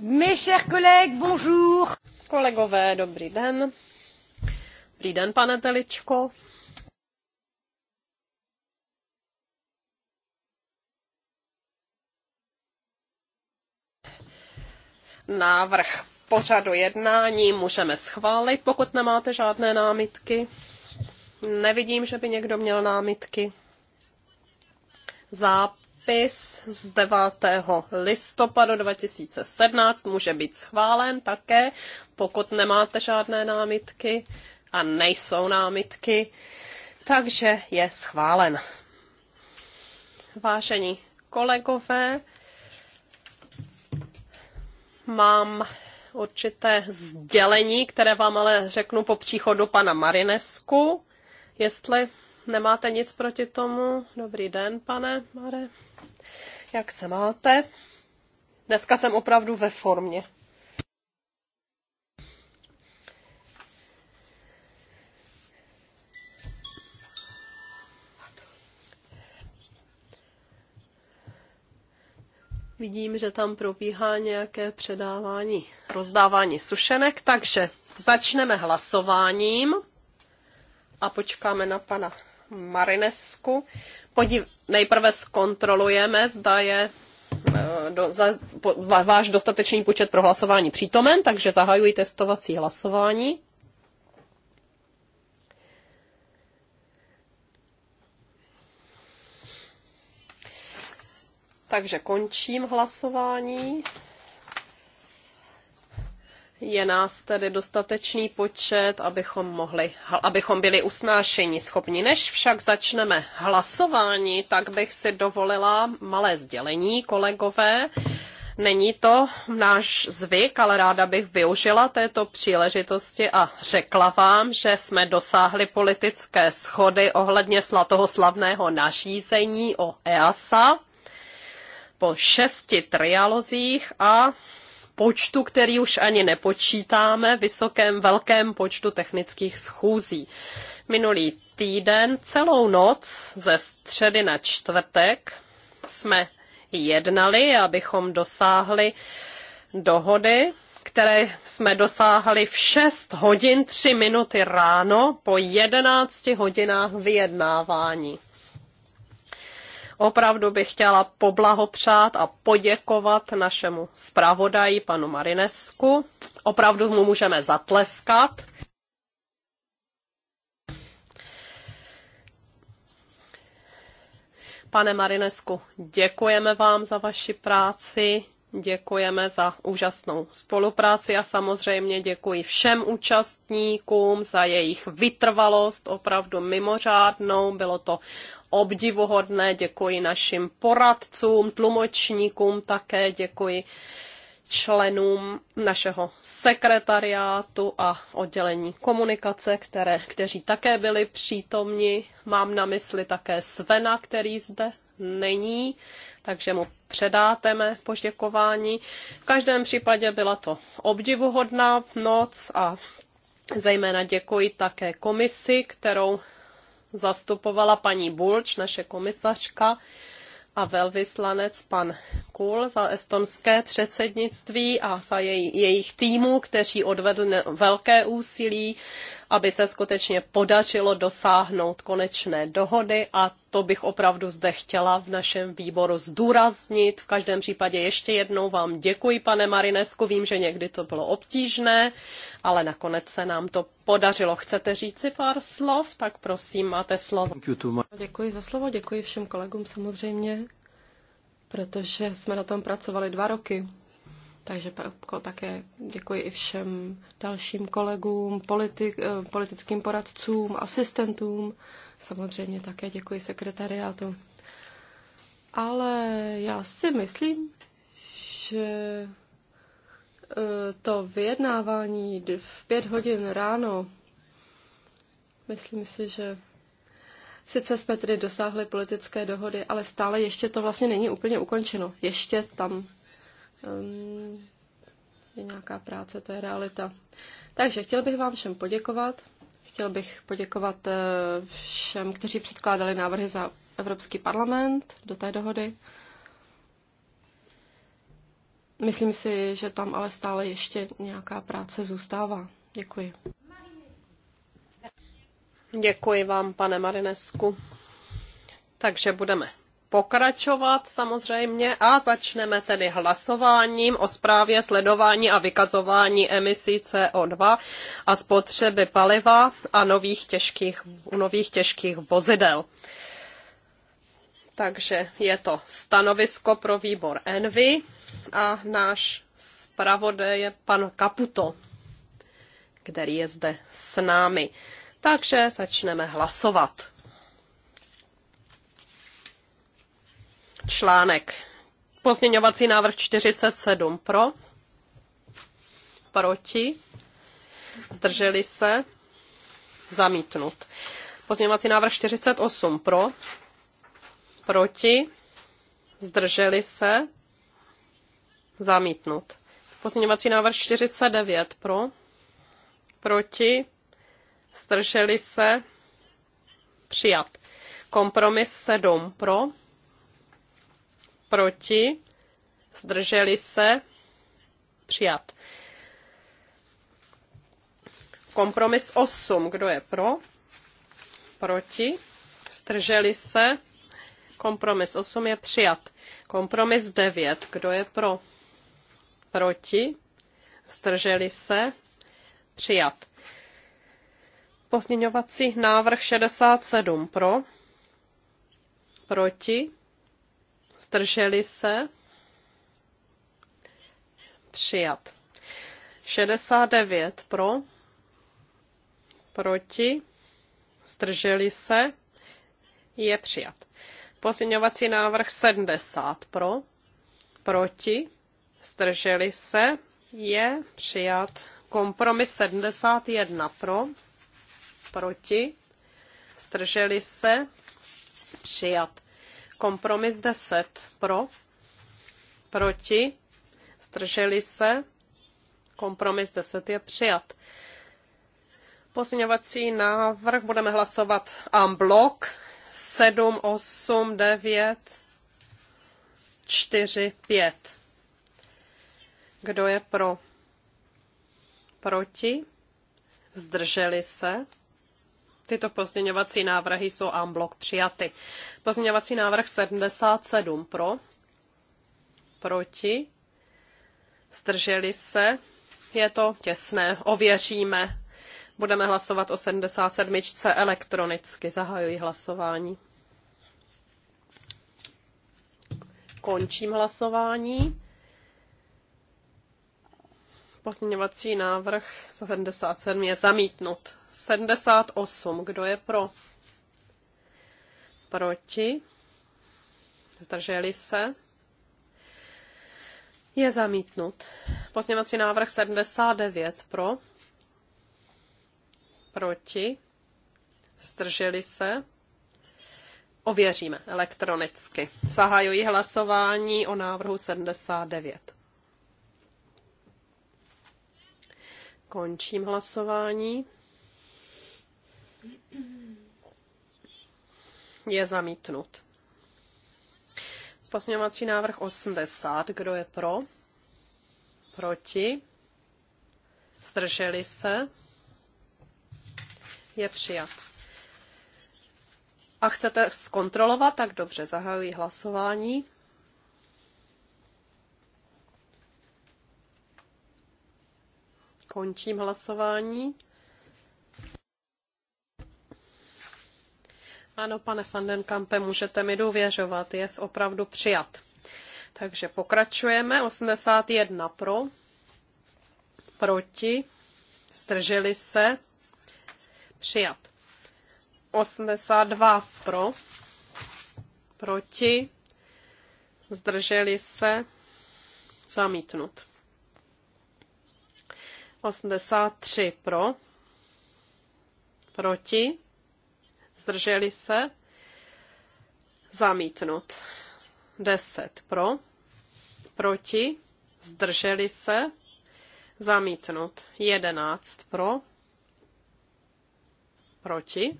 Mes chers collègues, bonjour. Kolegové, dobrý den. Dobrý den, pane Teličko. Návrh pořadu jednání můžeme schválit, pokud nemáte žádné námitky. Nevidím, že by někdo měl námitky. Záp dopis z 9. listopadu 2017 může být schválen také, pokud nemáte žádné námitky a nejsou námitky, takže je schválen. Vážení kolegové, mám určité sdělení, které vám ale řeknu po příchodu pana Marinesku. Jestli nemáte nic proti tomu, dobrý den, pane Mare. Jak se máte? Dneska jsem opravdu ve formě. Vidím, že tam probíhá nějaké předávání, rozdávání sušenek, takže začneme hlasováním a počkáme na pana Marinesku podív, nejprve zkontrolujeme, zda je e, do, za, po, váš dostatečný počet pro hlasování přítomen, takže zahajuji testovací hlasování. Takže končím hlasování. Je nás tedy dostatečný počet, abychom, mohli, abychom byli usnášení schopni. Než však začneme hlasování, tak bych si dovolila malé sdělení, kolegové. Není to náš zvyk, ale ráda bych využila této příležitosti a řekla vám, že jsme dosáhli politické schody ohledně toho slavného nařízení o EASA po šesti trialozích a počtu, který už ani nepočítáme, vysokém, velkém počtu technických schůzí. Minulý týden celou noc ze středy na čtvrtek jsme jednali, abychom dosáhli dohody, které jsme dosáhli v 6 hodin 3 minuty ráno po 11 hodinách vyjednávání. Opravdu bych chtěla poblahopřát a poděkovat našemu zpravodaji, panu Marinesku. Opravdu mu můžeme zatleskat. Pane Marinesku, děkujeme vám za vaši práci. Děkujeme za úžasnou spolupráci a samozřejmě děkuji všem účastníkům za jejich vytrvalost, opravdu mimořádnou. Bylo to obdivuhodné. Děkuji našim poradcům, tlumočníkům také děkuji členům našeho sekretariátu a oddělení komunikace, které, kteří také byli přítomni. Mám na mysli také Svena, který zde není, takže mu předáte mé poděkování. V každém případě byla to obdivuhodná noc a zejména děkuji také komisi, kterou zastupovala paní Bulč, naše komisařka, a velvyslanec pan Kul za estonské předsednictví a za jej, jejich týmu, kteří odvedli velké úsilí, aby se skutečně podařilo dosáhnout konečné dohody a to bych opravdu zde chtěla v našem výboru zdůraznit. V každém případě ještě jednou vám děkuji, pane Marinesku. Vím, že někdy to bylo obtížné, ale nakonec se nám to podařilo. Chcete si pár slov? Tak prosím, máte slovo. Děkuji za slovo, děkuji všem kolegům samozřejmě, protože jsme na tom pracovali dva roky. Takže také děkuji i všem dalším kolegům, politik, eh, politickým poradcům, asistentům, Samozřejmě také děkuji sekretariátu. Ale já si myslím, že e, to vyjednávání v pět hodin ráno, myslím si, že sice jsme tedy dosáhli politické dohody, ale stále ještě to vlastně není úplně ukončeno. Ještě tam um, je nějaká práce, to je realita. Takže chtěl bych vám všem poděkovat. Chtěl bych poděkovat eh, všem, kteří předkládali návrhy za Evropský parlament do té dohody. Myslím si, že tam ale stále ještě nějaká práce zůstává. Děkuji. Děkuji vám, pane Marinesku. Takže budeme pokračovat samozřejmě a začneme tedy hlasováním o zprávě sledování a vykazování emisí CO2 a spotřeby paliva a nových těžkých, nových těžkých vozidel. Takže je to stanovisko pro výbor Envy a náš zpravodaj je pan Kaputo, který je zde s námi. Takže začneme hlasovat. článek. Pozměňovací návrh 47 pro, proti, zdrželi se, zamítnut. Pozměňovací návrh 48 pro, proti, zdrželi se, zamítnut. Pozměňovací návrh 49 pro, proti, zdrželi se, přijat. Kompromis 7 pro, proti, zdrželi se, přijat. Kompromis 8, kdo je pro, proti, zdrželi se, kompromis 8 je přijat. Kompromis 9, kdo je pro, proti, zdrželi se, přijat. Pozměňovací návrh 67 pro, proti, Zdrželi se? Přijat. 69 pro, proti, zdrželi se, je přijat. Pozměňovací návrh 70 pro, proti, zdrželi se, je přijat. Kompromis 71 pro, proti, zdrželi se, přijat. Kompromis 10 pro, proti, zdrželi se, kompromis 10 je přijat. Pozměňovací návrh budeme hlasovat en bloc 7, 8, 9, 4, 5. Kdo je pro? Proti? Zdrželi se? Tyto pozměňovací návrhy jsou en blok přijaty. Pozměňovací návrh 77 pro, proti, zdrželi se, je to těsné, ověříme. Budeme hlasovat o 77. elektronicky. Zahajuji hlasování. Končím hlasování. Pozměňovací návrh 77 je zamítnut. 78. Kdo je pro? Proti? Zdrželi se? Je zamítnut. Pozněvací návrh 79 pro. Proti. Zdrželi se. Ověříme elektronicky. Zahajuji hlasování o návrhu 79. Končím hlasování. je zamítnut. Pozměňovací návrh 80. Kdo je pro? Proti? Zdrželi se? Je přijat. A chcete zkontrolovat? Tak dobře, zahajuji hlasování. Končím hlasování. Ano, pane Fandenkampe, můžete mi důvěřovat, je opravdu přijat. Takže pokračujeme. 81 pro, proti, zdrželi se, přijat. 82 pro, proti, zdrželi se, zamítnut. 83 pro, proti, zdrželi se, zamítnut. 10 pro, proti, zdrželi se, zamítnut. 11 pro, proti,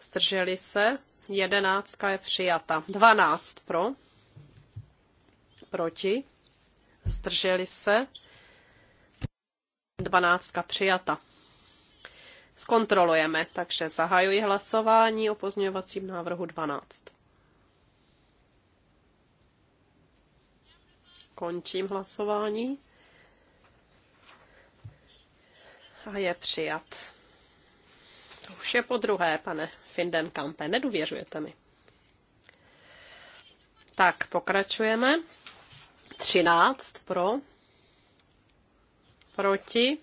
zdrželi se, jedenáctka je přijata. 12 pro, proti, zdrželi se, dvanáctka přijata. Zkontrolujeme, takže zahajuji hlasování o pozměňovacím návrhu 12. Končím hlasování. A je přijat. To už je po druhé, pane Findenkampe, Neduvěřujete mi. Tak, pokračujeme. 13 pro, proti,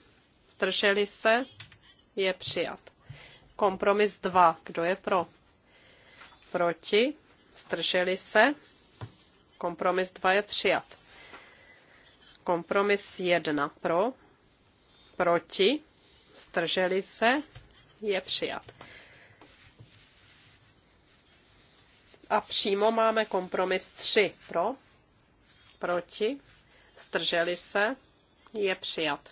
Strželi se, je přijat. Kompromis 2. Kdo je pro? Proti? Strželi se? Kompromis 2 je přijat. Kompromis 1 pro? Proti? Strželi se? Je přijat. A přímo máme kompromis 3 pro? Proti? Strželi se? Je přijat.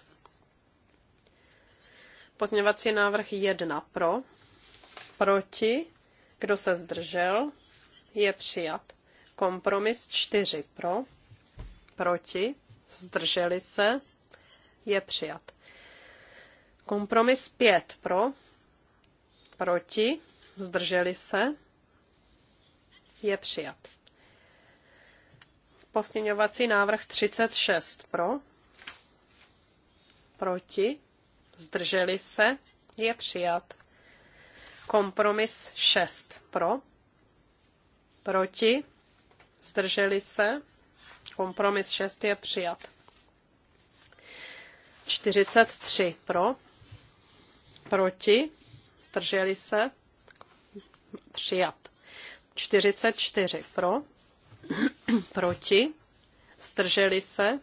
Pozměňovací návrh 1 pro, proti, kdo se zdržel, je přijat. Kompromis 4 pro, proti, zdrželi se, je přijat. Kompromis 5 pro, proti, zdrželi se, je přijat. Posměňovací návrh 36 pro, proti, zdrželi se, je přijat. Kompromis 6 pro, proti, zdrželi se, kompromis 6 je přijat. 43 pro, proti, zdrželi se, přijat. 44 pro, proti, zdrželi se,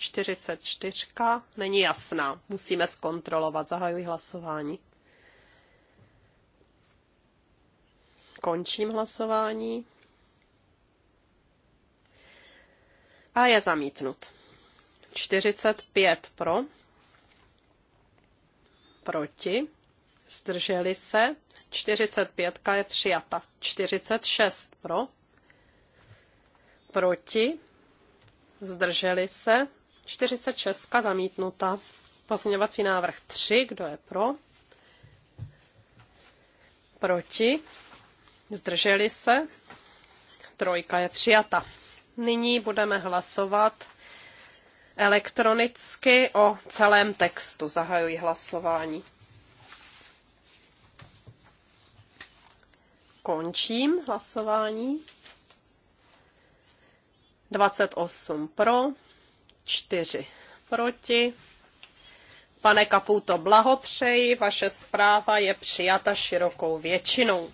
44 není jasná. Musíme zkontrolovat. Zahajuji hlasování. Končím hlasování. A je zamítnut. 45 pro. Proti. Zdrželi se. 45 je přijata. 46 pro. Proti. Zdrželi se. 46 zamítnuta. Pozměňovací návrh 3, kdo je pro? Proti? Zdrželi se? Trojka je přijata. Nyní budeme hlasovat elektronicky o celém textu. Zahajuji hlasování. Končím hlasování. 28 pro, 4 proti. Pane Kaputo, blahopřeji, vaše zpráva je přijata širokou většinou.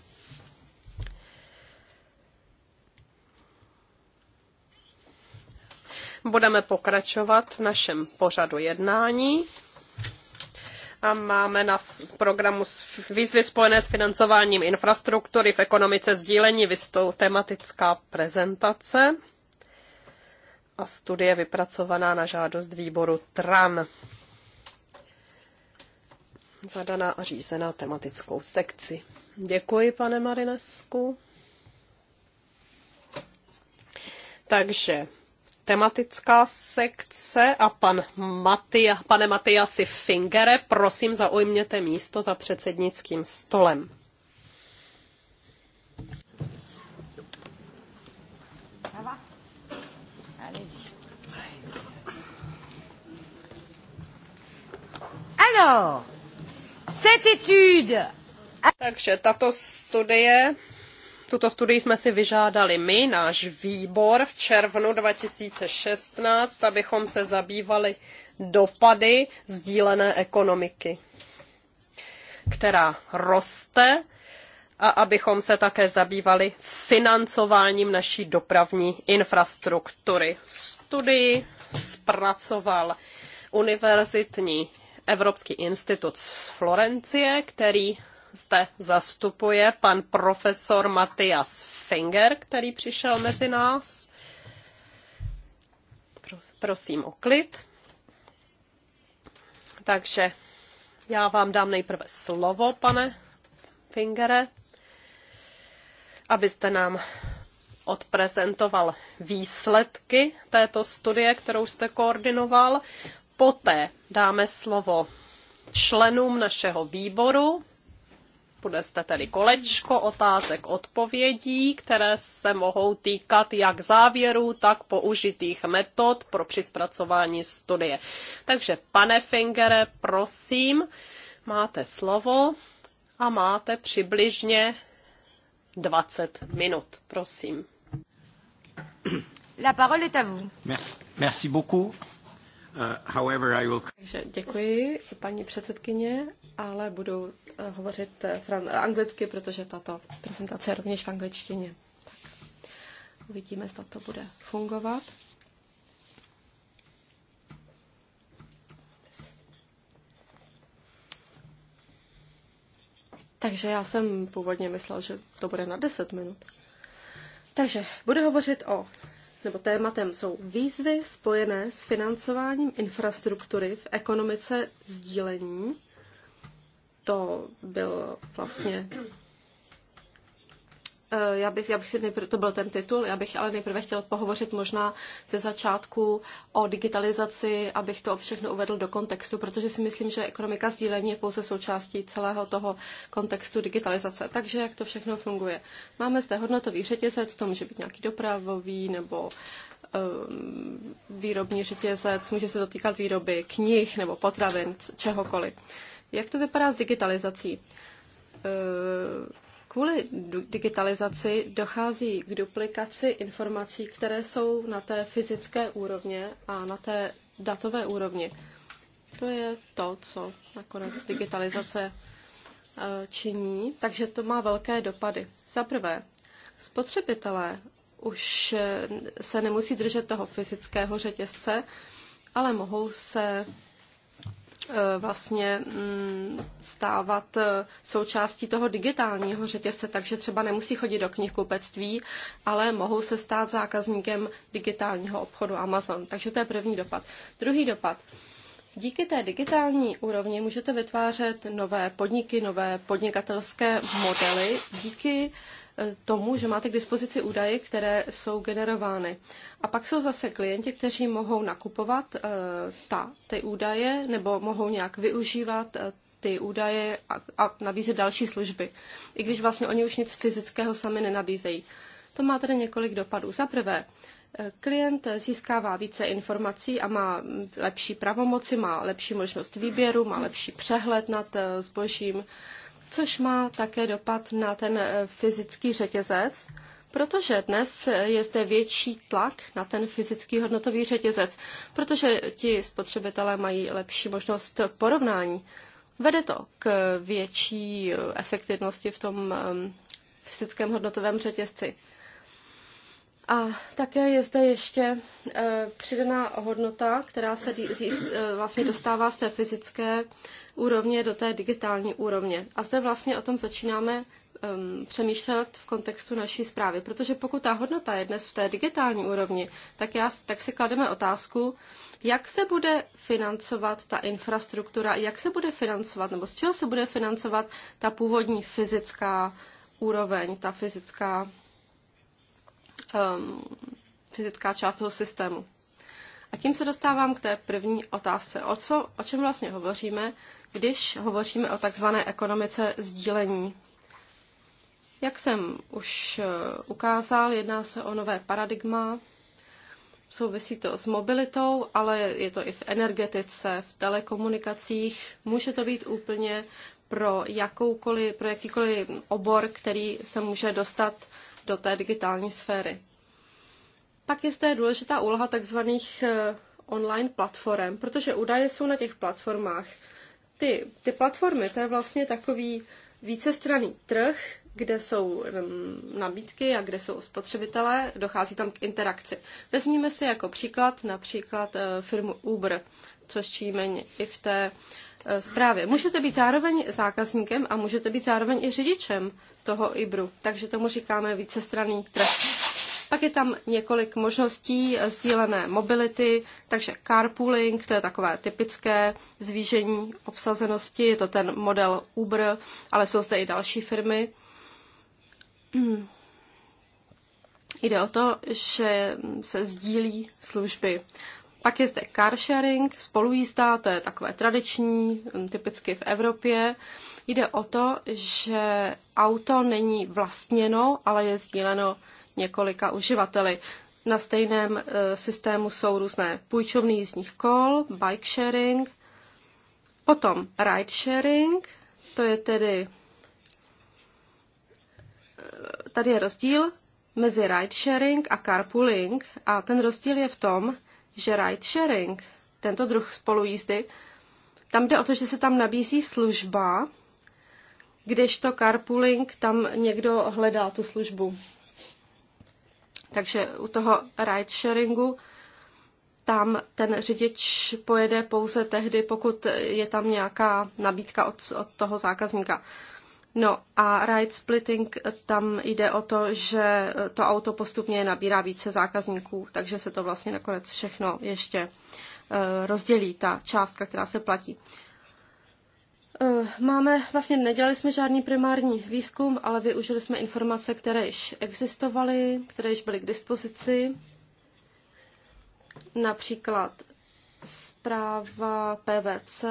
Budeme pokračovat v našem pořadu jednání a máme na programu výzvy spojené s financováním infrastruktury v ekonomice sdílení vystou tematická prezentace a studie vypracovaná na žádost výboru TRAN. Zadaná a řízená tematickou sekci. Děkuji, pane Marinesku. Takže tematická sekce a pan Matia, pane Matiasi Fingere, prosím zaujměte místo za předsednickým stolem. Alors, cette étude... Takže tato studie, tuto studii jsme si vyžádali my, náš výbor, v červnu 2016, abychom se zabývali dopady sdílené ekonomiky, která roste a abychom se také zabývali financováním naší dopravní infrastruktury. Studii zpracoval univerzitní Evropský institut z Florencie, který zde zastupuje pan profesor Matias Finger, který přišel mezi nás. Prosím o klid. Takže já vám dám nejprve slovo, pane Fingere, abyste nám odprezentoval výsledky této studie, kterou jste koordinoval. Poté dáme slovo členům našeho výboru. Bude zde tedy kolečko otázek odpovědí, které se mohou týkat jak závěrů, tak použitých metod pro přizpracování studie. Takže pane Fingere, prosím, máte slovo a máte přibližně 20 minut. Prosím. La parole est à vous. Merci, merci beaucoup. Uh, however, I will... Takže děkuji, paní předsedkyně, ale budu uh, hovořit uh, anglicky, protože tato prezentace je rovněž v angličtině. Tak. Uvidíme, zda to bude fungovat. Takže já jsem původně myslel, že to bude na 10 minut. Takže budu hovořit o nebo tématem jsou výzvy spojené s financováním infrastruktury v ekonomice sdílení. To byl vlastně Eh, já bych, já bych si nejprve, to byl ten titul, já bych ale nejprve chtěl pohovořit možná ze začátku o digitalizaci, abych to všechno uvedl do kontextu, protože si myslím, že ekonomika sdílení je pouze součástí celého toho kontextu digitalizace. Takže jak to všechno funguje? Máme zde hodnotový řetězec, to může být nějaký dopravový nebo ehm, výrobní řetězec, může se dotýkat výroby knih nebo potravin, čehokoliv. Jak to vypadá s digitalizací? Eh, Kvůli digitalizaci dochází k duplikaci informací, které jsou na té fyzické úrovně a na té datové úrovni. To je to, co nakonec digitalizace eh, činí, takže to má velké dopady. Za prvé, spotřebitelé už eh, se nemusí držet toho fyzického řetězce, ale mohou se Eh, vlastně mm, stávat eh, součástí toho digitálního řetězce, takže třeba nemusí chodit do knihkupectví, ale mohou se stát zákazníkem digitálního obchodu Amazon. Takže to je první dopad. Druhý dopad. Díky té digitální úrovni můžete vytvářet nové podniky, nové podnikatelské modely díky tomu, že máte k dispozici údaje, které jsou generovány. A pak jsou zase klienti, kteří mohou nakupovat eh, ta, ty údaje nebo mohou nějak využívat eh, ty údaje a, a nabízet další služby, i když vlastně oni už nic fyzického sami nenabízejí. To má tedy několik dopadů. Za prvé, eh, klient získává více informací a má lepší pravomoci, má lepší možnost výběru, má lepší přehled nad zbožím což má také dopad na ten eh, fyzický řetězec, protože dnes eh, je zde větší tlak na ten fyzický hodnotový řetězec, protože ti spotřebitelé mají lepší možnost porovnání. Vede to k větší eh, efektivnosti v tom fyzickém hodnotovém řetězci. A také je zde ještě eh, přidaná hodnota, která se eh, vlastně dostává z té fyzické úrovně do té digitální úrovně. A zde vlastně o tom začínáme ehm, přemýšlet v kontextu naší zprávy, protože pokud ta hodnota je dnes v té digitální úrovni, tak, já, tak si klademe otázku, jak se bude financovat ta infrastruktura, jak se bude financovat, nebo z čeho se bude financovat ta původní fyzická úroveň, ta fyzická um, fyzická část toho systému. A tím se dostávám k té první otázce. O, co, o čem vlastně hovoříme, když hovoříme o takzvané ekonomice sdílení? Jak jsem už eh, ukázal, jedná se o nové paradigma. Souvisí to s mobilitou, ale je to i v energetice, v telekomunikacích. Může to být úplně pro, jakoukoliv, pro jakýkoliv obor, který se může dostat do té digitální sféry. Pak je zde důležitá úloha tzv. Eh, online platform, protože údaje jsou na těch platformách. Ty, ty platformy, to je vlastně takový vícestranný trh, kde jsou mm, nabídky a kde jsou spotřebitelé, dochází tam k interakci. Vezměme si jako příklad například eh, firmu Uber, což číme i v té uh, Správě eh, Můžete být zároveň zákazníkem a můžete být zároveň i řidičem toho IBRu, takže tomu říkáme vícestranný trh. Pak je tam několik možností eh, sdílené mobility, takže carpooling, to je takové typické zvýšení obsazenosti, je to ten model Uber, ale jsou zde i další firmy. Jde o to, že se sdílí služby. Pak je zde car sharing, spolujízda, to je takové tradiční, hm, typicky v Evropě. Jde o to, že auto není vlastněno, ale je sdíleno několika uživateli. Na stejném eh, systému jsou různé půjčovny jízdních kol, bike sharing, potom ride sharing, to je tedy, eh, tady je rozdíl mezi ride sharing a carpooling a ten rozdíl je v tom, že ride sharing, tento druh spolujízdy, tam jde o to, že se tam nabízí služba, kdežto carpooling, tam někdo hledá tu službu. Takže u toho ride sharingu tam ten řidič pojede pouze tehdy, pokud je tam nějaká nabídka od, od toho zákazníka. No a ride splitting, eh, tam jde o to, že eh, to auto postupně nabírá více zákazníků, takže se to vlastně nakonec všechno ještě eh, rozdělí, ta částka, která se platí. Máme, vlastně nedělali jsme žádný primární výzkum, ale využili jsme informace, které již existovaly, které již byly k dispozici. Například zpráva PVC,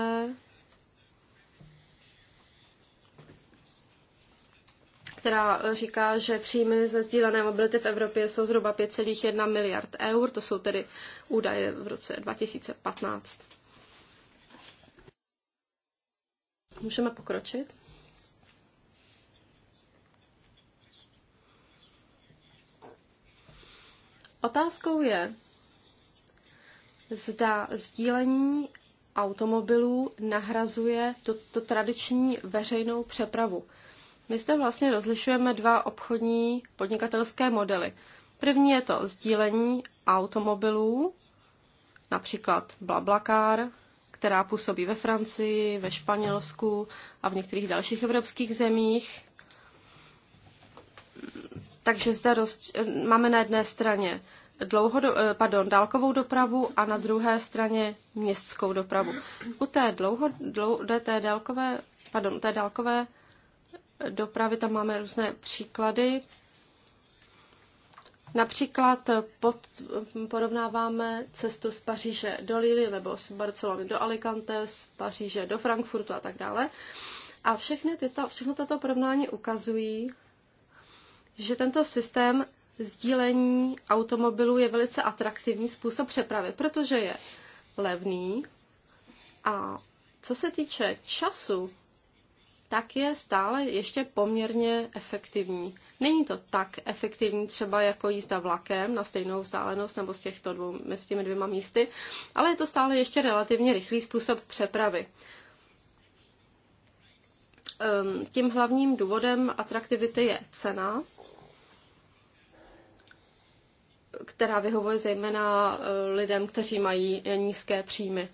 která eh, říká, že příjmy ze sdílené mobility v Evropě jsou zhruba 5,1 miliard eur, to jsou tedy údaje v roce 2015. Můžeme pokročit? Otázkou je, zda sdílení automobilů nahrazuje to, to tradiční veřejnou přepravu. My zde vlastně rozlišujeme dva obchodní podnikatelské modely. První je to sdílení automobilů, například Blablacar, která působí ve Francii, ve Španělsku a v některých dalších evropských zemích. Takže zde roz... máme na jedné straně dlouhodo... Eh, pardon, dálkovou dopravu a na druhé straně městskou dopravu. U té, dlouho... dlou... té, dálkové... Pardon, u té dálkové dopravy, tam máme různé příklady. Například pod, porovnáváme cestu z Paříže do Lille nebo z Barcelony do Alicante, z Paříže do Frankfurtu a tak dále. A všechny tyto, všechno tato porovnání ukazují, že tento systém sdílení automobilů je velice atraktivní způsob přepravy, protože je levný a co se týče času, tak je stále ještě poměrně efektivní. Není to tak efektivní třeba jako jízda vlakem na stejnou vzdálenost nebo z těchto dvou, mezi těmi dvěma místy, ale je to stále ještě relativně rychlý způsob přepravy. Ehm, tím hlavním důvodem atraktivity je cena, která vyhovuje zejména eh, lidem, kteří mají eh, nízké příjmy.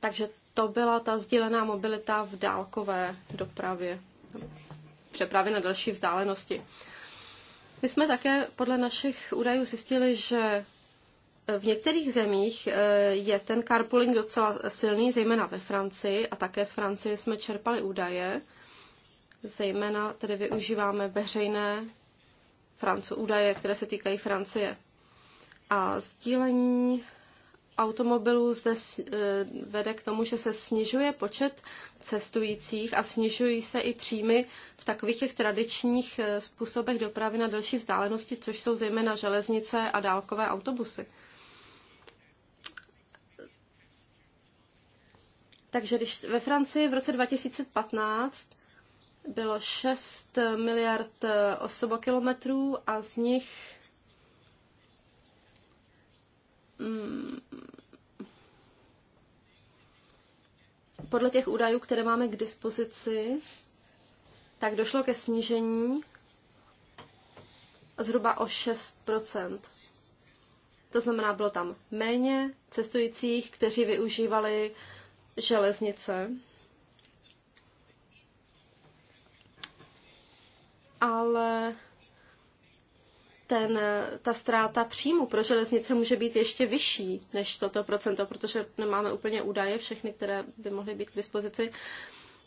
Takže to byla ta sdílená mobilita v dálkové dopravě, přepravě na další vzdálenosti. My jsme také podle našich údajů zjistili, že v některých zemích eh, je ten carpooling docela silný, zejména ve Francii a také z Francie jsme čerpali údaje. Zejména tedy využíváme veřejné Francu, údaje, které se týkají Francie. A sdílení automobilů zde e, vede k tomu, že se snižuje počet cestujících a snižují se i příjmy v takových těch tradičních e, způsobech dopravy na delší vzdálenosti, což jsou zejména železnice a dálkové autobusy. Takže když ve Francii v roce 2015 bylo 6 miliard e, osobokilometrů a z nich Mm, podle těch údajů, které máme k dispozici, tak došlo ke snížení zhruba o 6 To znamená, bylo tam méně cestujících, kteří využívali železnice. Ale ten, eh, ta ztráta příjmu pro železnice může být ještě vyšší než toto procento, protože nemáme úplně údaje všechny, které by mohly být k dispozici.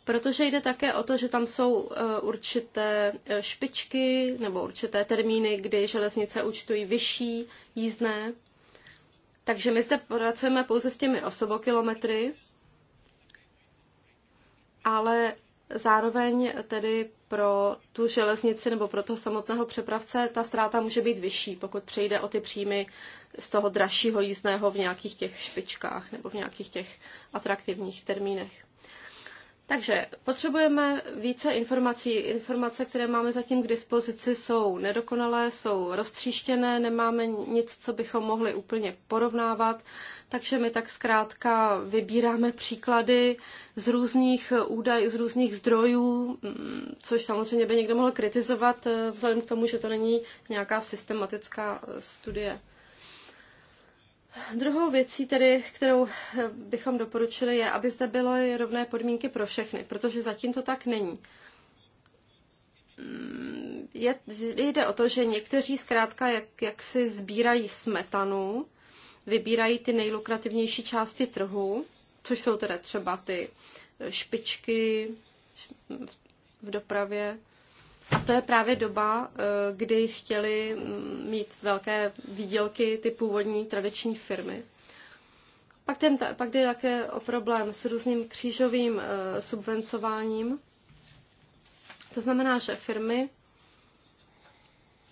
Protože jde také o to, že tam jsou eh, určité eh, špičky nebo určité termíny, kdy železnice účtují vyšší jízdné. Takže my zde pracujeme pouze s těmi osobokilometry, ale Zároveň tedy pro tu železnici nebo pro toho samotného přepravce ta ztráta může být vyšší, pokud přejde o ty příjmy z toho dražšího jízdného v nějakých těch špičkách nebo v nějakých těch atraktivních termínech. Takže potřebujeme více informací. Informace, které máme zatím k dispozici, jsou nedokonalé, jsou roztříštěné, nemáme nic, co bychom mohli úplně porovnávat, takže my tak zkrátka vybíráme příklady z různých údajů, z různých zdrojů, mm, což samozřejmě by někdo mohl kritizovat eh, vzhledem k tomu, že to není nějaká systematická eh, studie. Druhou věcí tedy, kterou eh, bychom doporučili, je, aby zde bylo rovné podmínky pro všechny, protože zatím to tak není. Mm, je, jde o to, že někteří zkrátka jak, jak si sbírají smetanu, vybírají ty nejlukrativnější části trhu, což jsou teda třeba ty špičky v dopravě, a to je právě doba, eh, kdy chtěli mm, mít velké výdělky ty původní tradiční firmy. Pak, ten, pak jde také o problém s různým křížovým eh, subvencováním. To znamená, že firmy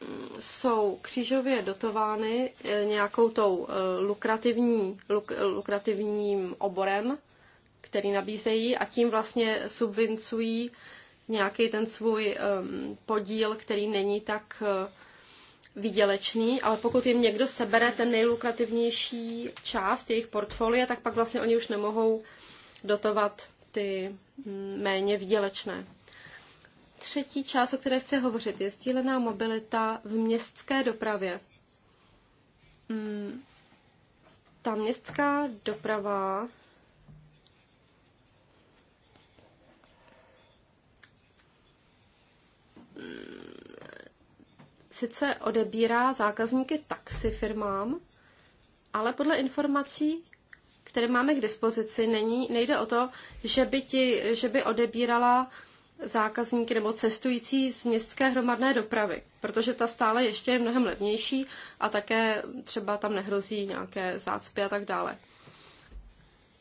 mm, jsou křížově dotovány eh, nějakou tou lukrativní, luk, lukrativním oborem, který nabízejí a tím vlastně subvencují nějaký ten svůj um, podíl, který není tak uh, výdělečný, ale pokud jim někdo sebere ten nejlukrativnější část jejich portfolia, tak pak vlastně oni už nemohou dotovat ty mm, méně výdělečné. Třetí část, o které chci hovořit, je sdílená mobilita v městské dopravě. Mm, ta městská doprava sice odebírá zákazníky taxi firmám, ale podle informací, které máme k dispozici, není, nejde o to, že by, ti, že by odebírala zákazníky nebo cestující z městské hromadné dopravy, protože ta stále ještě je mnohem levnější a také třeba tam nehrozí nějaké zácpy a tak dále.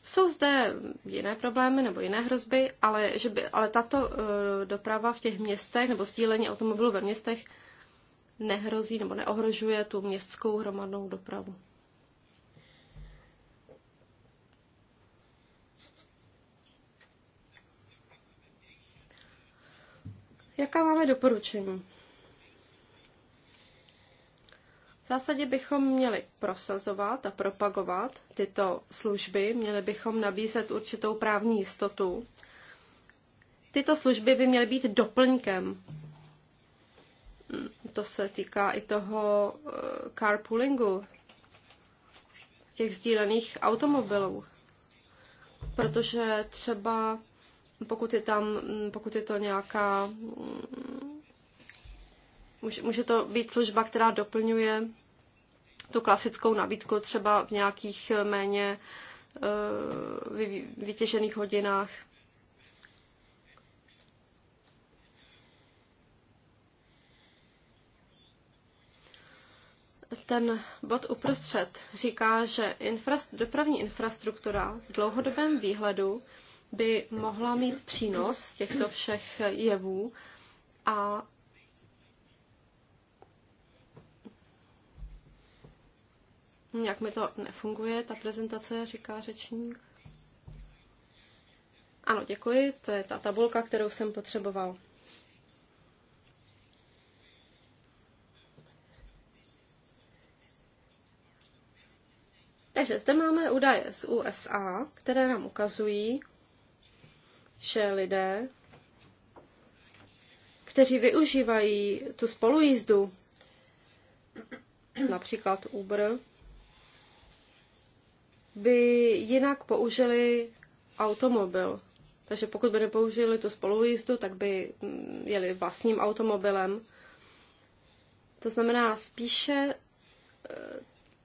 Jsou zde jiné problémy nebo jiné hrozby, ale, že by, ale tato eh, doprava v těch městech nebo sdílení automobilů ve městech nehrozí nebo neohrožuje tu městskou hromadnou dopravu. Jaká máme doporučení? V zásadě bychom měli prosazovat a propagovat tyto služby, měli bychom nabízet určitou právní jistotu. Tyto služby by měly být doplňkem. To se týká i toho eh, carpoolingu, těch sdílených automobilů. Protože třeba pokud je tam, mm, pokud je to nějaká mm, Může to být služba, která doplňuje tu klasickou nabídku třeba v nějakých eh, méně eh, vytěžených hodinách. ten bod uprostřed říká, že infrast- dopravní infrastruktura v dlouhodobém výhledu by mohla mít přínos z těchto všech jevů a Jak mi to nefunguje, ta prezentace, říká řečník. Ano, děkuji, to je ta tabulka, kterou jsem potřeboval. Takže zde máme údaje z USA, které nám ukazují, že lidé, kteří využívají tu spolujízdu, například Uber, by jinak použili automobil. Takže pokud by nepoužili tu spolujízdu, tak by mm, jeli vlastním automobilem. To znamená, spíše e,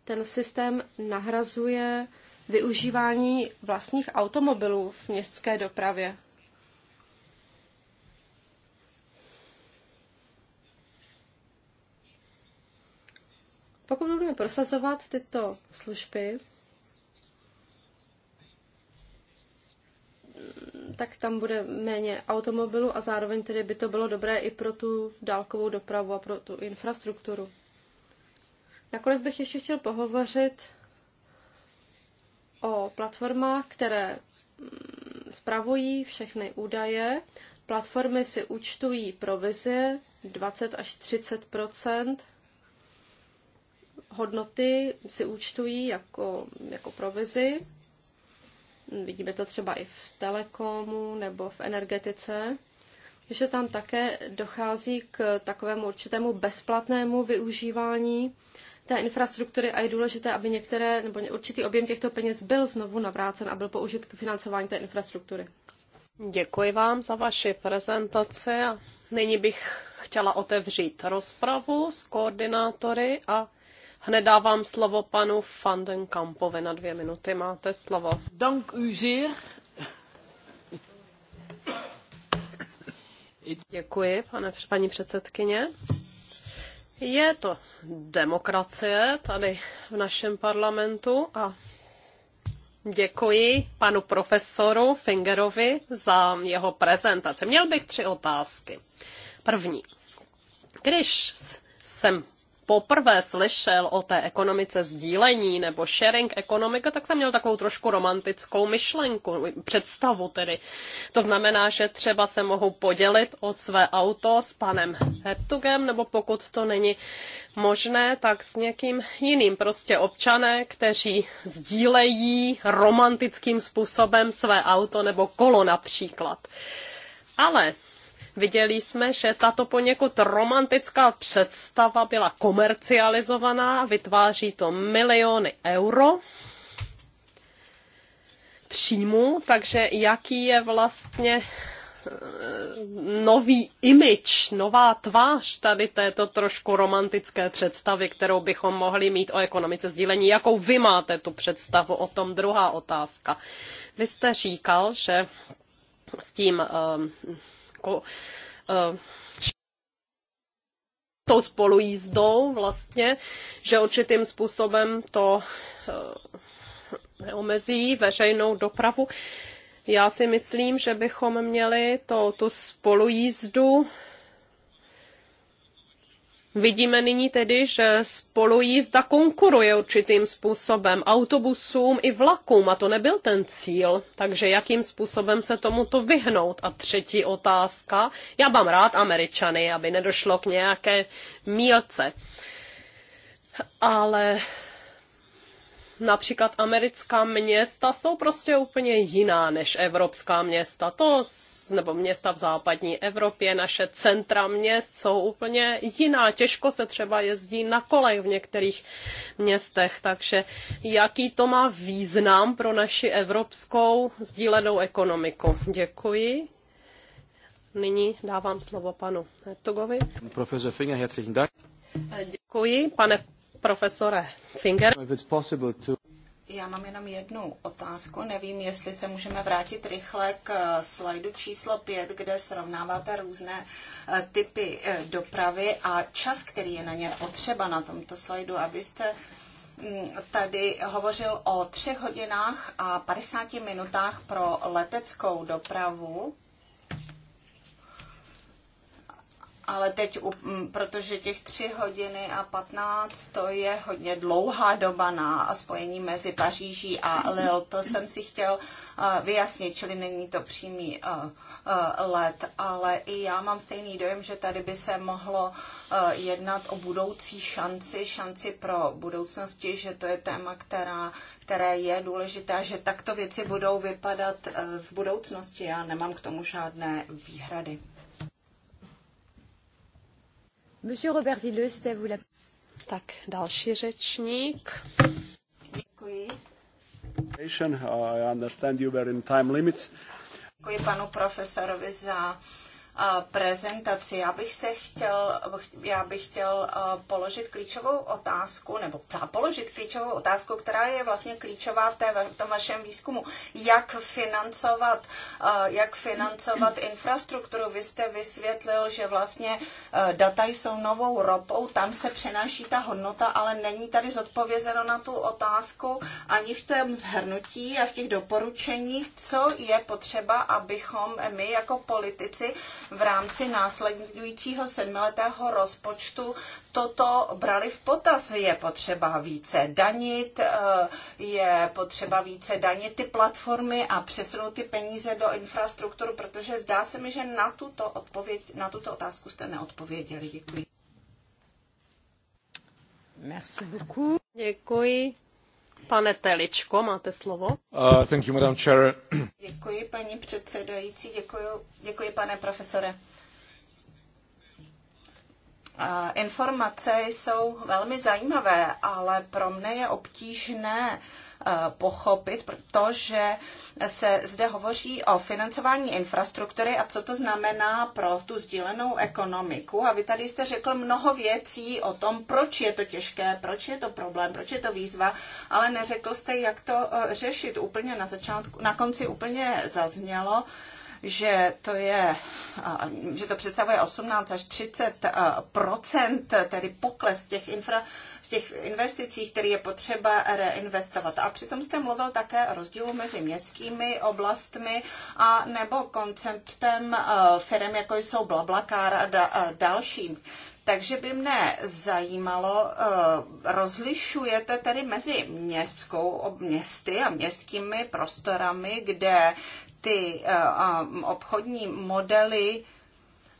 ten systém nahrazuje využívání vlastních automobilů v městské dopravě. Pokud budeme prosazovat tyto služby, tak tam bude méně automobilů a zároveň tedy by to bylo dobré i pro tu dálkovou dopravu a pro tu infrastrukturu. Nakonec bych ještě chtěl pohovořit o platformách, které mm, spravují všechny údaje. Platformy si účtují provize 20 až 30 hodnoty si účtují jako, jako provizi Vidíme to třeba i v telekomu nebo v energetice, že tam také dochází k takovému určitému bezplatnému využívání té infrastruktury a je důležité, aby některé nebo určitý objem těchto peněz byl znovu navrácen a byl použit k financování té infrastruktury. Děkuji vám za vaši prezentaci a nyní bych chtěla otevřít rozpravu s koordinátory a Hned dávám slovo panu Van den na dvě minuty. Máte slovo. Dank u zeer. Děkuji, pane, paní předsedkyně. Je to demokracie tady v našem parlamentu a děkuji panu profesoru Fingerovi za jeho prezentaci. Měl bych tři otázky. První. Když jsem poprvé slyšel o té ekonomice sdílení nebo sharing ekonomika, tak jsem měl takovou trošku romantickou myšlenku, představu tedy. To znamená, že třeba se mohu podělit o své auto s panem Hertugem, nebo pokud to není možné, tak s někým jiným. Prostě občané, kteří sdílejí romantickým způsobem své auto nebo kolo například. Ale Viděli jsme, že tato poněkud romantická představa byla komercializovaná, vytváří to miliony euro příjmu, takže jaký je vlastně eh, nový image, nová tvář tady této trošku romantické představy, kterou bychom mohli mít o ekonomice sdílení. Jakou vy máte tu představu o tom? Druhá otázka. Vy jste říkal, že s tím um, jako eh, tou spolujízdou vlastně, že určitým způsobem to eh, neomezí veřejnou dopravu. Já si myslím, že bychom měli to, tu spolujízdu Vidíme nyní tedy, že spolujízda konkuruje určitým způsobem autobusům i vlakům a to nebyl ten cíl. Takže jakým způsobem se tomuto vyhnout? A třetí otázka. Já mám rád Američany, aby nedošlo k nějaké mílce. Ale například americká města jsou prostě úplně jiná než evropská města. To, nebo města v západní Evropě, naše centra měst jsou úplně jiná. Těžko se třeba jezdí na kole v některých městech, takže jaký to má význam pro naši evropskou sdílenou ekonomiku? Děkuji. Nyní dávám slovo panu Hertogovi. Profesor Finger, herzlichen Dank. Děkuji, pane profesore Finger. Já mám jenom jednu otázku. Nevím, jestli se můžeme vrátit rychle k eh, slajdu číslo 5, kde srovnáváte různé eh, typy eh, dopravy a čas, který je na ně potřeba na tomto slajdu, abyste mm, tady hovořil o třech hodinách a 50 minutách pro leteckou dopravu ale teď, protože těch 3 hodiny a 15, to je hodně dlouhá doba na spojení mezi Paříží a Lille. To jsem si chtěl vyjasnit, čili není to přímý let, ale i já mám stejný dojem, že tady by se mohlo jednat o budoucí šanci, šanci pro budoucnosti, že to je téma, která, které je důležité a že takto věci budou vypadat e, v budoucnosti. Já nemám k tomu žádné výhrady. Monsieur Robert Zille, jste vous la... Tak další řečník. Děkuji. I understand you were in time limits. Děkuji panu profesorovi za prezentaci. Já bych se chtěl, já bych chtěl položit klíčovou otázku, nebo položit klíčovou otázku, která je vlastně klíčová v, té, v tom vašem výzkumu. Jak financovat, jak financovat infrastrukturu? Vy jste vysvětlil, že vlastně data jsou novou ropou, tam se přenáší ta hodnota, ale není tady zodpovězeno na tu otázku ani v tom zhrnutí a v těch doporučeních, co je potřeba, abychom my jako politici v rámci následujícího sedmiletého rozpočtu toto brali v potaz. Je potřeba více danit, eh, je potřeba více danit ty platformy a přesunout ty peníze do infrastruktury, protože zdá se mi, že na tuto, odpověď, na tuto otázku jste neodpověděli. Děkuji. Merci beaucoup. Děkuji. Pane Teličko, máte slovo. Uh, thank you, Madam Chair. Děkuji, paní předsedající, děkuji, děkuji pane profesore. Informace jsou velmi zajímavé, ale pro mne je obtížné uh, Eh, pochopit, protože se zde hovoří o financování infrastruktury a co to znamená pro tu sdílenou ekonomiku. A vy tady jste řekl mnoho věcí o tom, proč je to těžké, proč je to problém, proč je to výzva, ale neřekl jste, jak to eh, řešit. Úplně na začátku, na konci úplně zaznělo, že to, je, eh, že to představuje 18 až 30 tedy pokles těch infra, těch investicích, které je potřeba reinvestovat. A přitom jste mluvil také o rozdílu mezi městskými oblastmi a nebo konceptem eh, firm, jako jsou Blablakár a dalším. Takže by mne zajímalo, eh, rozlišujete tedy mezi městskou, městy a městskými prostorami, kde ty eh, obchodní modely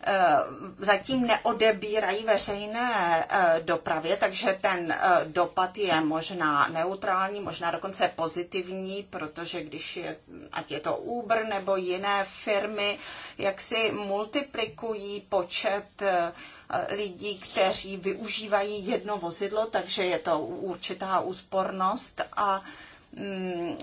Eh, zatím neodebírají veřejné eh, dopravě, takže ten eh, dopad je možná neutrální, možná dokonce pozitivní, protože když je, ať je to Uber nebo jiné firmy, jak si multiplikují počet lidí, kteří využívají jedno vozidlo, takže je to určitá úspornost a Mm,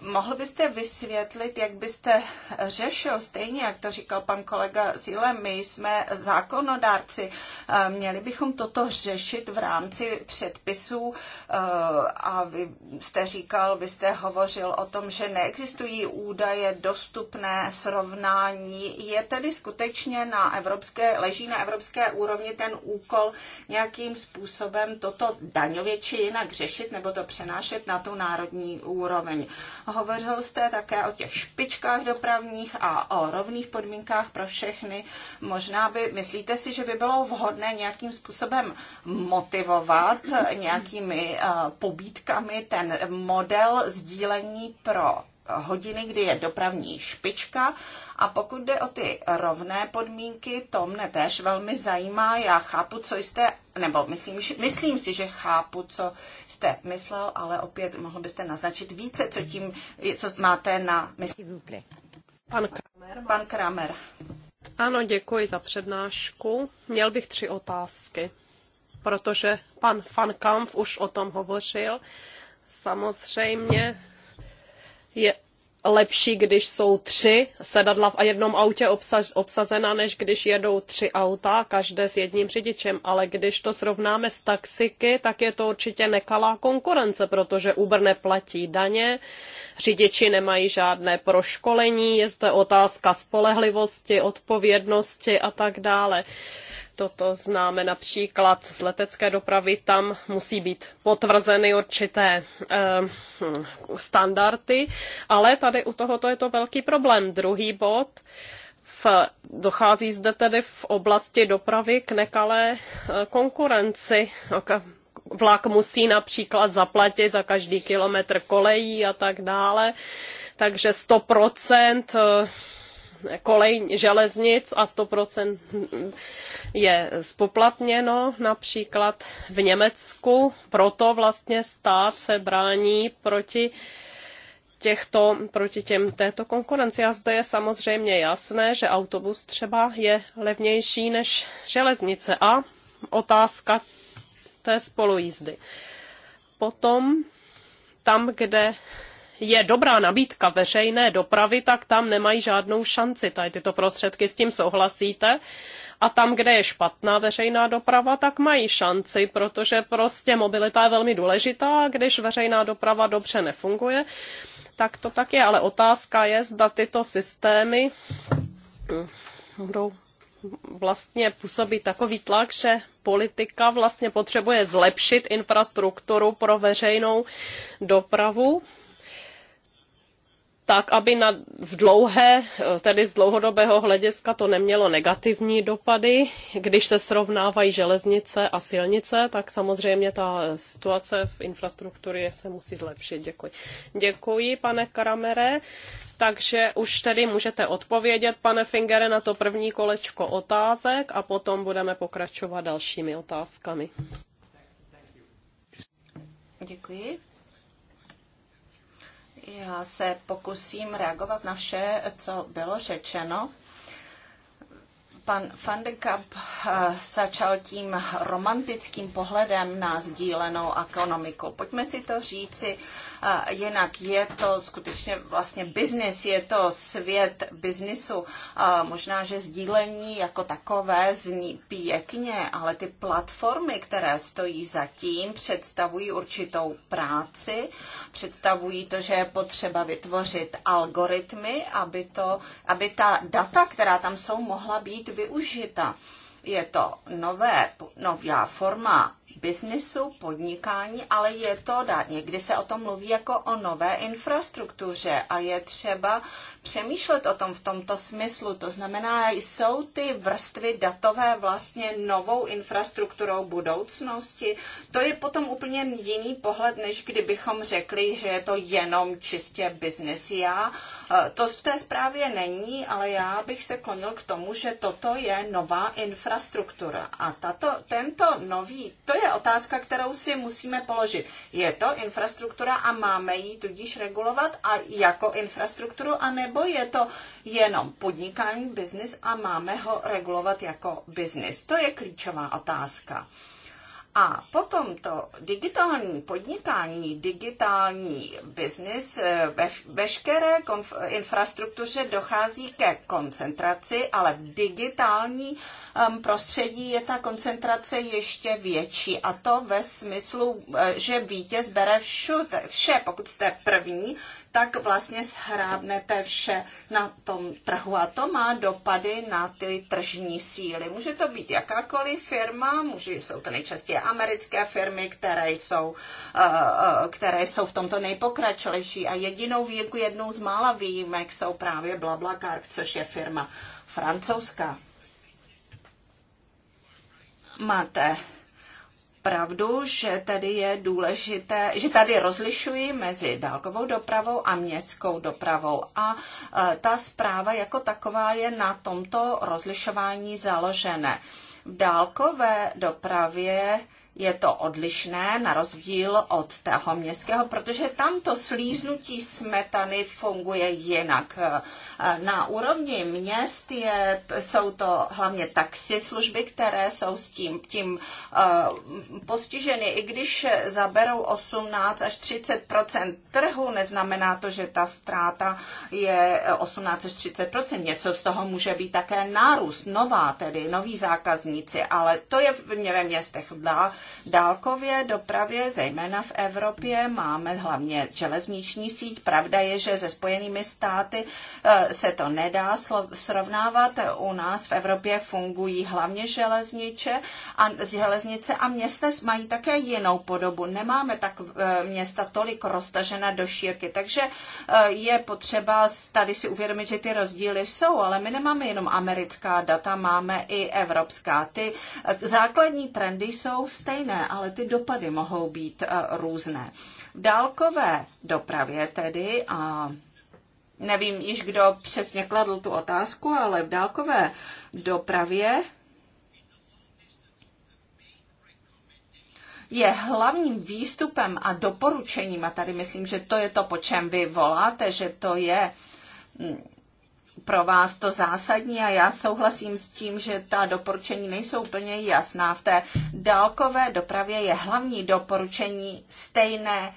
mohl byste vysvětlit, jak byste řešil, stejně jak to říkal pan kolega Zilem. my jsme zákonodárci, eh, měli bychom toto řešit v rámci předpisů eh, a vy jste říkal, vy jste hovořil o tom, že neexistují údaje dostupné srovnání. Je tedy skutečně na evropské, leží na evropské úrovni ten úkol nějakým způsobem toto daňově či jinak řešit nebo to přenášet na tu národní životní úroveň. Hovořil jste také o těch špičkách dopravních a o rovných podmínkách pro všechny. Možná by, myslíte si, že by bylo vhodné nějakým způsobem motivovat nějakými eh, pobídkami ten model sdílení pro hodiny, kdy je dopravní špička. A pokud jde o ty rovné podmínky, to mne též velmi zajímá. Já chápu, co jste, nebo myslím, myslím si, že chápu, co jste myslel, ale opět mohl byste naznačit více, co tím, co máte na mysli. Pan Kramer. Pan Kramer. Ano, děkuji za přednášku. Měl bych tři otázky, protože pan Van Kampf už o tom hovořil. Samozřejmě je lepší, když jsou tři sedadla v jednom autě obsaž, obsazena, než když jedou tři auta, každé s jedním řidičem. Ale když to srovnáme s taxiky, tak je to určitě nekalá konkurence, protože Uber neplatí daně, řidiči nemají žádné proškolení, je zde otázka spolehlivosti, odpovědnosti a tak dále. Uh, Toto známe například z letecké dopravy, tam musí být potvrzeny určité eh, standardy, ale tady u tohoto je to velký problém. Druhý bod, v, dochází zde tedy v oblasti dopravy k nekalé eh, konkurenci. Vlak musí například zaplatit za každý kilometr kolejí a tak dále, takže 100 kolej, železnic a 100% je spoplatněno například v Německu. Proto vlastně stát se brání proti těchto, proti těm této konkurenci. A zde je samozřejmě jasné, že autobus třeba je levnější než železnice a otázka té spolujízdy. Potom tam, kde je dobrá nabídka veřejné dopravy, tak tam nemají žádnou šanci. Tady tyto prostředky s tím souhlasíte. A tam, kde je špatná veřejná doprava, tak mají šanci, protože prostě mobilita je velmi důležitá když veřejná doprava dobře nefunguje, tak to tak je. Ale otázka je, zda tyto systémy hm, budou vlastně působí takový tlak, že politika vlastně potřebuje zlepšit infrastrukturu pro veřejnou dopravu tak, aby na, v dlouhé, tedy z dlouhodobého hlediska to nemělo negativní dopady. Když se srovnávají železnice a silnice, tak samozřejmě ta situace v infrastruktuře se musí zlepšit. Děkuji. Děkuji, pane Karamere. Takže už tedy můžete odpovědět, pane Fingere, na to první kolečko otázek a potom budeme pokračovat dalšími otázkami. Děkuji. Já se pokusím reagovat na vše, co bylo řečeno. Pan Van de eh, začal tím romantickým pohledem na sdílenou ekonomiku. Pojďme si to říci jinak. Je to skutečně vlastně biznis, je to svět biznisu. Možná, že sdílení jako takové zní pěkně, ale ty platformy, které stojí za tím, představují určitou práci, představují to, že je potřeba vytvořit algoritmy, aby, to, aby ta data, která tam jsou, mohla být využita. Je to nové, nová forma biznisu, podnikání, ale je to dát. Někdy se o tom mluví jako o nové infrastruktuře a je třeba přemýšlet o tom v tomto smyslu. To znamená, jsou ty vrstvy datové vlastně novou infrastrukturou budoucnosti. To je potom úplně jiný pohled, než kdybychom řekli, že je to jenom čistě biznis. Já eh, to v té zprávě není, ale já bych se klonil k tomu, že toto je nová infrastruktura. A tato, tento nový, to je je otázka, kterou si musíme položit. Je to infrastruktura a máme ji tudíž regulovat a jako infrastrukturu, anebo je to jenom podnikání, biznis a máme ho regulovat jako biznis? To je klíčová otázka. A potom to digitální podnikání, digitální biznis, eh, ve veškeré infrastruktuře dochází ke koncentraci, ale v digitální ehm, prostředí je ta koncentrace ještě větší. A to ve smyslu, eh, že vítěz bere všude, vše. Pokud jste první, tak vlastně shrábnete vše na tom trhu a to má dopady na ty tržní síly. Může to být jakákoliv firma, může, jsou to nejčastěji americké firmy, které jsou, eh, eh, které jsou v tomto nejpokračilejší a jedinou výjimku, jednou z mála výjimek jsou právě BlaBlaCar, což je firma francouzská. Máte pravdu, že tady je důležité, že tady rozlišuji mezi dálkovou dopravou a městskou dopravou. A e, ta zpráva jako taková je na tomto rozlišování založené. V dálkové dopravě je to odlišné na rozdíl od toho městského, protože tam to slíznutí smetany funguje jinak. Eh, na úrovni měst je, jsou to hlavně taxislužby, které jsou s tím, tím uh, postiženy. I když zaberou 18 až 30 trhu, neznamená to, že ta ztráta je 18 eh, až 30 Něco z toho může být také nárůst, nová tedy, noví zákazníci, ale to je v městech. dál dálkově dopravě, zejména v Evropě, máme hlavně železniční síť. Pravda je, že se Spojenými státy eh, se to nedá srovnávat. U nás v Evropě fungují hlavně železniče a železnice a města mají také jinou podobu. Nemáme tak eh, města tolik roztažena do šírky, takže eh, je potřeba tady si uvědomit, že ty rozdíly jsou, ale my nemáme jenom americká data, máme i evropská. Ty základní trendy jsou stejné stejné, ale ty dopady mohou být eh, různé. V dálkové dopravě tedy a nevím již, kdo přesně kladl tu otázku, ale v dálkové dopravě je hlavním výstupem a doporučením, a tady myslím, že to je to, po čem vy voláte, že to je hm, pro vás to zásadní a já souhlasím s tím, že ta doporučení nejsou úplně jasná. V té dálkové dopravě je hlavní doporučení stejné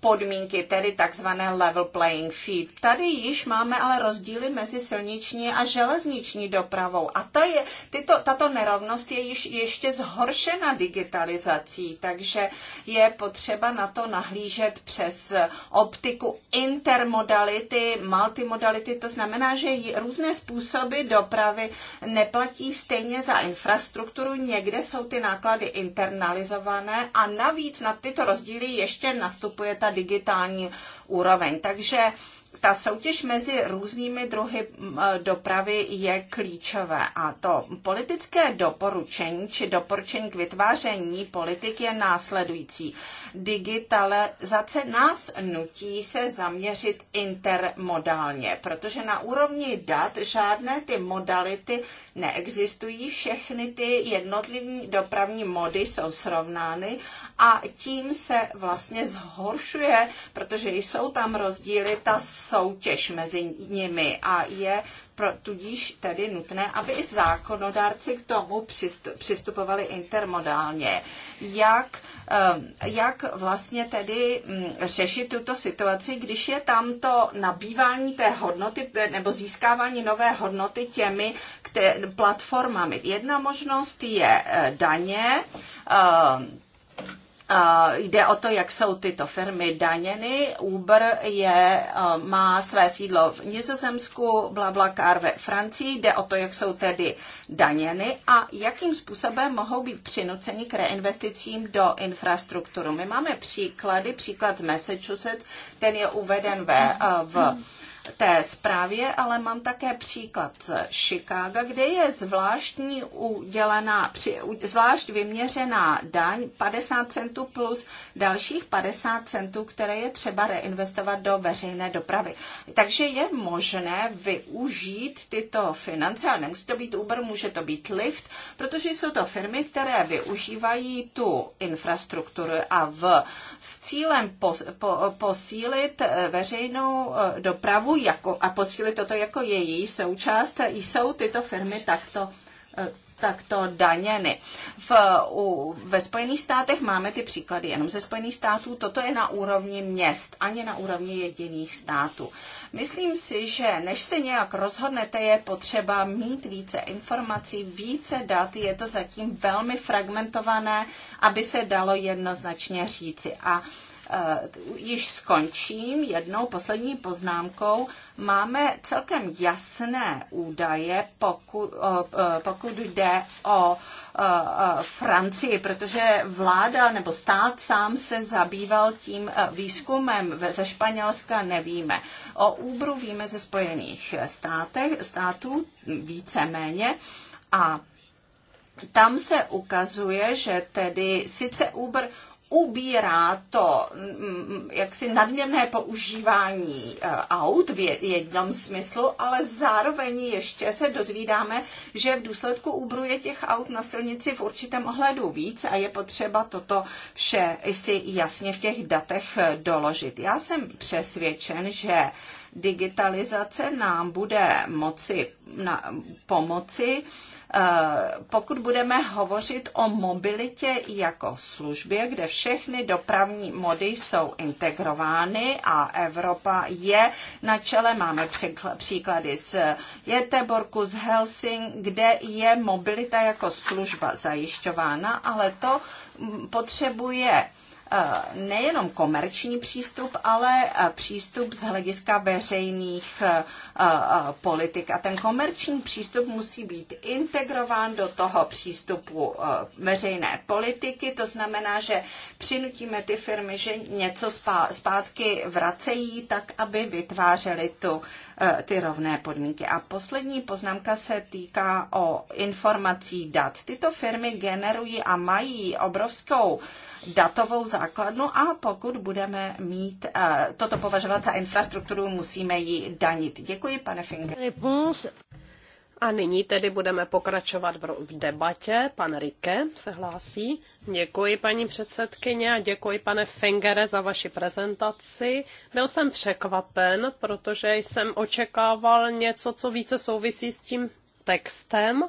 podmínky, tedy takzvané level playing field. Tady již máme ale rozdíly mezi silniční a železniční dopravou a ta je, tyto, tato nerovnost je již ještě zhoršena digitalizací, takže je potřeba na to nahlížet přes optiku intermodality, multimodality, to znamená, že různé způsoby dopravy neplatí stejně za infrastrukturu, někde jsou ty náklady internalizované a navíc na tyto rozdíly ještě nastupuje ta digitální úroveň. Takže ta soutěž mezi různými druhy e, dopravy je klíčové a to politické doporučení či doporučení k vytváření politik je následující. Digitalizace nás nutí se zaměřit intermodálně, protože na úrovni dat žádné ty modality neexistují, všechny ty jednotlivní dopravní mody jsou srovnány a tím se vlastně zhoršuje, protože jsou tam rozdíly, ta soutěž mezi nimi a je pro, tudíž tedy nutné, aby i zákonodárci k tomu přistupovali intermodálně. Jak, ehm, jak vlastně tedy hm, řešit tuto situaci, když je tam to nabývání té hodnoty nebo získávání nové hodnoty těmi platformami. Jedna možnost je eh, daně, ehm, Eh, jde o to, jak jsou tyto firmy daněny. Uber je, eh, má své sídlo v Nizozemsku, BlaBlaCar ve Francii. Jde o to, jak jsou tedy daněny a jakým způsobem mohou být přinuceni k reinvesticím do infrastrukturu. My máme příklady, příklad z Massachusetts, ten je uveden ve, eh, v té zprávě, ale mám také příklad z Chicaga, kde je zvláštní udělená, zvlášť vyměřená daň 50 centů plus dalších 50 centů, které je třeba reinvestovat do veřejné dopravy. Takže je možné využít tyto finance, a nemusí to být Uber, může to být Lyft, protože jsou to firmy, které využívají tu infrastrukturu a v, s cílem po, po, posílit eh, veřejnou eh, dopravu jako, a posílit toto jako její součást, jsou tyto firmy takto eh, takto daněny. V, u, ve Spojených státech máme ty příklady jenom ze Spojených států. Toto je na úrovni měst, ani na úrovni jediných států. Myslím si, že než se nějak rozhodnete, je potřeba mít více informací, více dat. Je to zatím velmi fragmentované, aby se dalo jednoznačně říci. A Eh, již skončím jednou poslední poznámkou. Máme celkem jasné údaje, pokud, eh, eh, pokud jde o Francii, protože vláda nebo stát sám se zabýval tím výzkumem ze Španělska nevíme. O úbru víme ze Spojených státech, států víceméně a tam se ukazuje, že tedy sice Uber ubírá to mm, jaksi nadměrné používání eh, aut v jednom smyslu, ale zároveň ještě se dozvídáme, že v důsledku ubruje těch aut na silnici v určitém ohledu víc a je potřeba toto vše si jasně v těch datech eh, doložit. Já jsem přesvědčen, že digitalizace nám bude moci na, pomoci Eh, pokud budeme hovořit o mobilitě jako službě, kde všechny dopravní mody jsou integrovány a Evropa je na čele, máme příklady z Jeteborku, z Helsing, kde je mobilita jako služba zajišťována, ale to mm, potřebuje Eh, nejenom komerční přístup, ale eh, přístup z hlediska veřejných eh, politik. A ten komerční přístup musí být integrován do toho přístupu veřejné politiky. To znamená, že přinutíme ty firmy, že něco zpátky vracejí, tak aby vytvářely tu Eh, ty rovné podmínky. A poslední poznámka se týká o informací dat. Tyto firmy generují a mají obrovskou datovou základnu a pokud budeme mít eh, toto považovat za infrastrukturu, musíme ji danit. Děkuji, pane Finger. A nyní tedy budeme pokračovat v debatě. Pan Rike se hlásí. Děkuji, paní předsedkyně, a děkuji, pane Fingere, za vaši prezentaci. Byl jsem překvapen, protože jsem očekával něco, co více souvisí s tím textem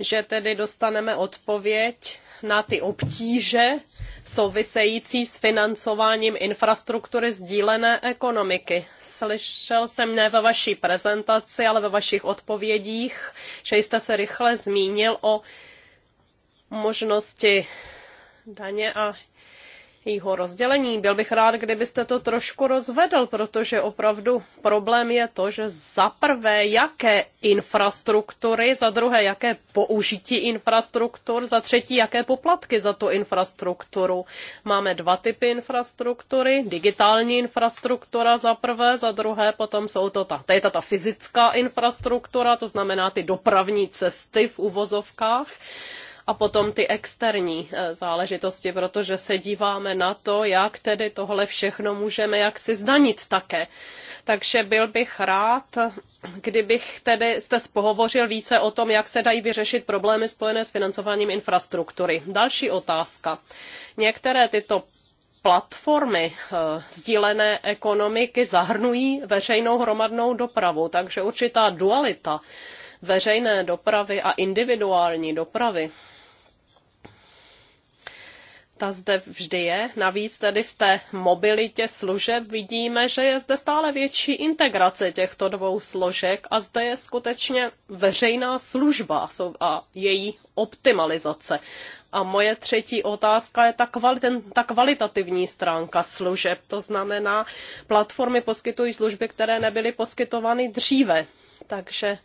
že tedy dostaneme odpověď na ty obtíže související s financováním infrastruktury sdílené ekonomiky. Slyšel jsem ne ve vaší prezentaci, ale ve vašich odpovědích, že jste se rychle zmínil o možnosti daně a jeho rozdělení. Byl bych rád, kdybyste to trošku rozvedl, protože opravdu problém je to, že za prvé, jaké infrastruktury, za druhé, jaké použití infrastruktur, za třetí, jaké poplatky za tu infrastrukturu. Máme dva typy infrastruktury, digitální infrastruktura za prvé, za druhé, potom jsou to ta, to je ta, ta fyzická infrastruktura, to znamená ty dopravní cesty v uvozovkách a potom ty externí eh, záležitosti, protože se díváme na to, jak tedy tohle všechno můžeme jaksi zdanit také. Takže byl bych rád, kdybych tedy jste spohovořil více o tom, jak se dají vyřešit problémy spojené s financováním infrastruktury. Další otázka. Některé tyto platformy eh, sdílené ekonomiky zahrnují veřejnou hromadnou dopravu, takže určitá dualita veřejné dopravy a individuální dopravy ta zde vždy je. Navíc tedy v té mobilitě služeb vidíme, že je zde stále větší integrace těchto dvou složek a zde je skutečně veřejná služba a její optimalizace. A moje třetí otázka je ta, kvali, ten, ta kvalitativní stránka služeb. To znamená, platformy poskytují služby, které nebyly poskytovány dříve. Takže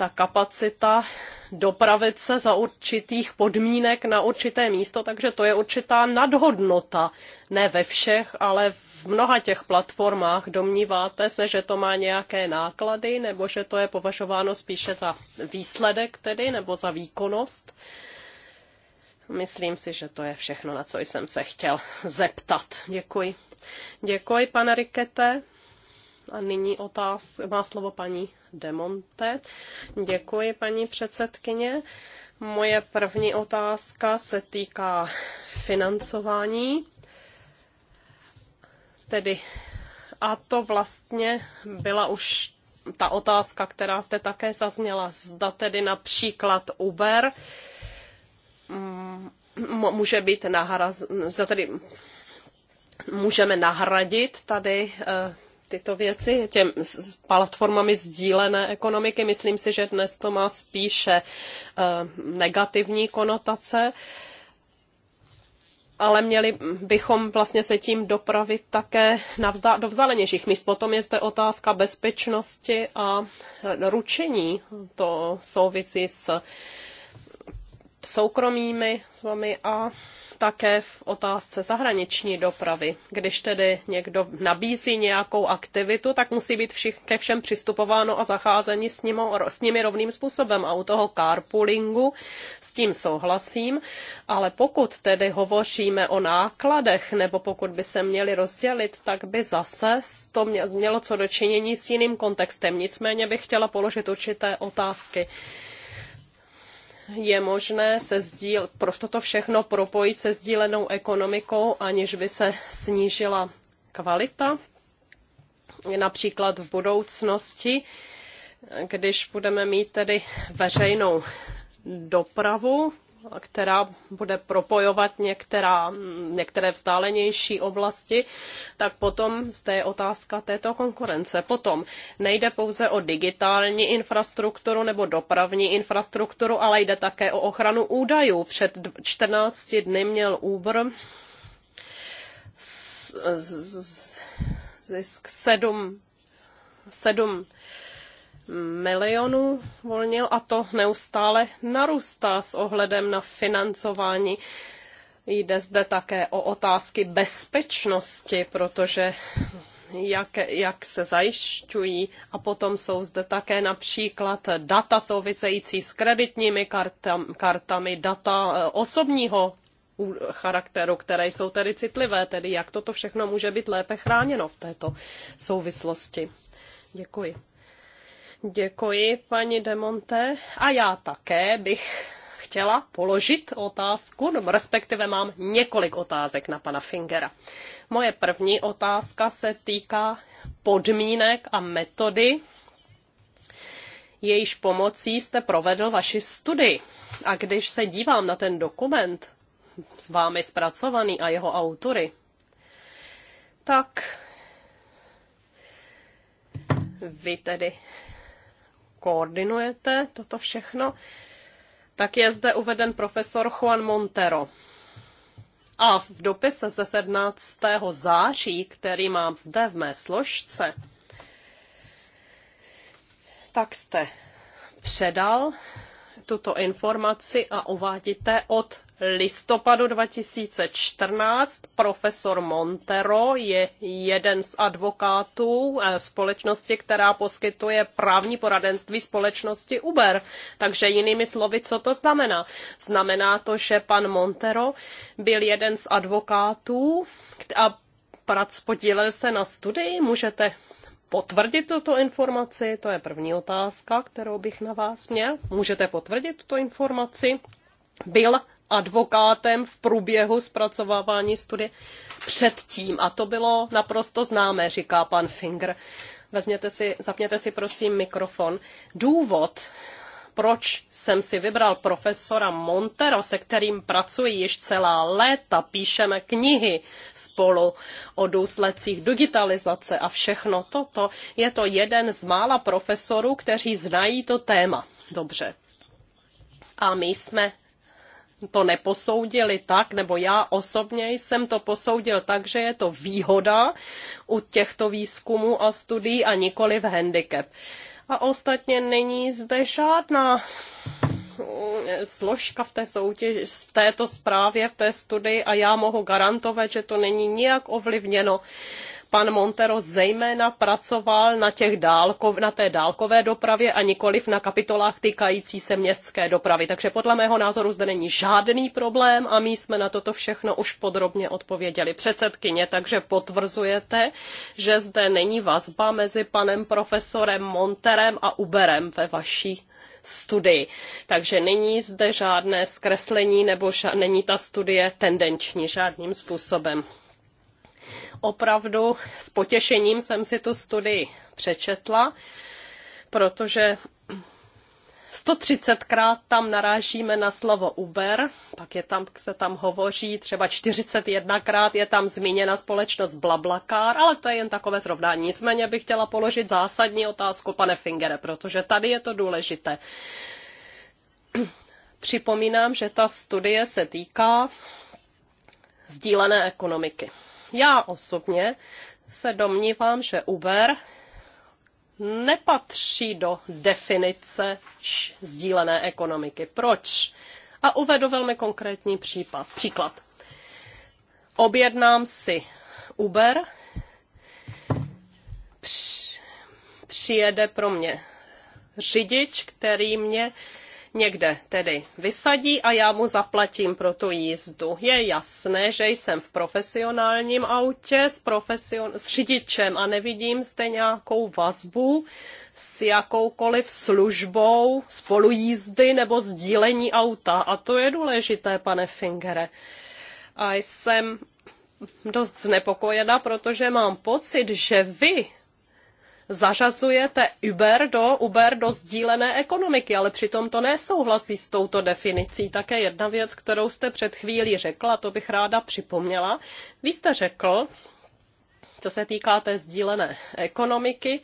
ta kapacita dopravit se za určitých podmínek na určité místo, takže to je určitá nadhodnota. Ne ve všech, ale v mnoha těch platformách domníváte se, že to má nějaké náklady, nebo že to je považováno spíše za výsledek tedy, nebo za výkonnost. Myslím si, že to je všechno, na co jsem se chtěl zeptat. Děkuji. Děkuji, pane Rikete. A nyní otáz, má slovo paní Demonte. Děkuji, paní předsedkyně. Moje první otázka se týká financování, tedy a to vlastně byla už ta otázka, která zde také zazněla, zda tedy například Uber mm, může být nahrazen, zda tedy můžeme nahradit tady eh, tyto věci těm platformami sdílené ekonomiky. Myslím si, že dnes to má spíše eh, negativní konotace ale měli bychom vlastně se tím dopravit také na do vzdálenějších míst. Potom je zde otázka bezpečnosti a ručení. To souvisí s soukromými s vami a také v otázce zahraniční dopravy. Když tedy někdo nabízí nějakou aktivitu, tak musí být všich, ke všem přistupováno a zacházení s, nimo, s nimi rovným způsobem. A u toho carpoolingu s tím souhlasím, ale pokud tedy hovoříme o nákladech, nebo pokud by se měli rozdělit, tak by zase to mělo co dočinění s jiným kontextem. Nicméně bych chtěla položit určité otázky je možné se sdíl, pro toto všechno propojit se sdílenou ekonomikou, aniž by se snížila kvalita. Například v budoucnosti, když budeme mít tedy veřejnou dopravu, která bude propojovat některá, některé vzdálenější oblasti, tak potom zde je otázka této konkurence. Potom nejde pouze o digitální infrastrukturu nebo dopravní infrastrukturu, ale jde také o ochranu údajů. Před 14 dny měl Uber zisk 7, 7 milionů volnil a to neustále narůstá s ohledem na financování. Jde zde také o otázky bezpečnosti, protože jak, jak se zajišťují. A potom jsou zde také například data související s kreditními kartam, kartami, data eh, osobního charakteru, které jsou tedy citlivé, tedy jak toto všechno může být lépe chráněno v této souvislosti. Děkuji. Děkuji, paní Demonte. A já také bych chtěla položit otázku, nebo respektive mám několik otázek na pana Fingera. Moje první otázka se týká podmínek a metody, jejíž pomocí jste provedl vaši studii. A když se dívám na ten dokument s vámi zpracovaný a jeho autory, tak vy tedy koordinujete toto všechno, tak je zde uveden profesor Juan Montero. A v dopise ze 17. září, který mám zde v mé složce, tak jste předal tuto informaci a uvádíte od listopadu 2014. Profesor Montero je jeden z advokátů eh, společnosti, která poskytuje právní poradenství společnosti Uber. Takže jinými slovy, co to znamená? Znamená to, že pan Montero byl jeden z advokátů a podílel se na studii. Můžete potvrdit tuto informaci? To je první otázka, kterou bych na vás měl. Můžete potvrdit tuto informaci? Byl advokátem v průběhu zpracovávání studie předtím. A to bylo naprosto známé, říká pan Finger. Vezměte si, zapněte si prosím mikrofon. Důvod proč jsem si vybral profesora Montera, se kterým pracuji již celá léta, píšeme knihy spolu o důsledcích digitalizace a všechno toto. Je to jeden z mála profesorů, kteří znají to téma dobře. A my jsme to neposoudili tak, nebo já osobně jsem to posoudil tak, že je to výhoda u těchto výzkumů a studií a nikoli v handicap. A ostatně není zde žádná eh, složka v té soutěži, v této zprávě, v té studii a já mohu garantovat, že to není nijak ovlivněno pan Montero zejména pracoval na, těch na té dálkové dopravě a nikoliv na kapitolách týkající se městské dopravy. Takže podle mého názoru zde není žádný problém a my jsme na toto všechno už podrobně odpověděli předsedkyně, takže potvrzujete, že zde není vazba mezi panem profesorem Monterem a Uberem ve vaší studii. Takže není zde žádné zkreslení nebo ža- není ta studie tendenční žádným způsobem opravdu s potěšením jsem si tu studii přečetla, protože 130krát tam narážíme na slovo Uber, pak je tam, se tam hovoří, třeba 41krát je tam zmíněna společnost Blablakár, ale to je jen takové zrovnání. Nicméně bych chtěla položit zásadní otázku, pane Fingere, protože tady je to důležité. Připomínám, že ta studie se týká sdílené ekonomiky. Já osobně se domnívám, že Uber nepatří do definice sdílené ekonomiky. Proč? A uvedu velmi konkrétní případ. Příklad. Objednám si Uber, přijede pro mě řidič, který mě někde tedy vysadí a já mu zaplatím pro tu jízdu. Je jasné, že jsem v profesionálním autě s, profesion- s řidičem a nevidím zde nějakou vazbu s jakoukoliv službou spolujízdy nebo sdílení auta. A to je důležité, pane Fingere. A jsem dost znepokojena, protože mám pocit, že vy zařazujete Uber do, Uber do sdílené ekonomiky, ale přitom to nesouhlasí s touto definicí. Také jedna věc, kterou jste před chvílí řekla, to bych ráda připomněla. Vy jste řekl, co se týká té sdílené ekonomiky,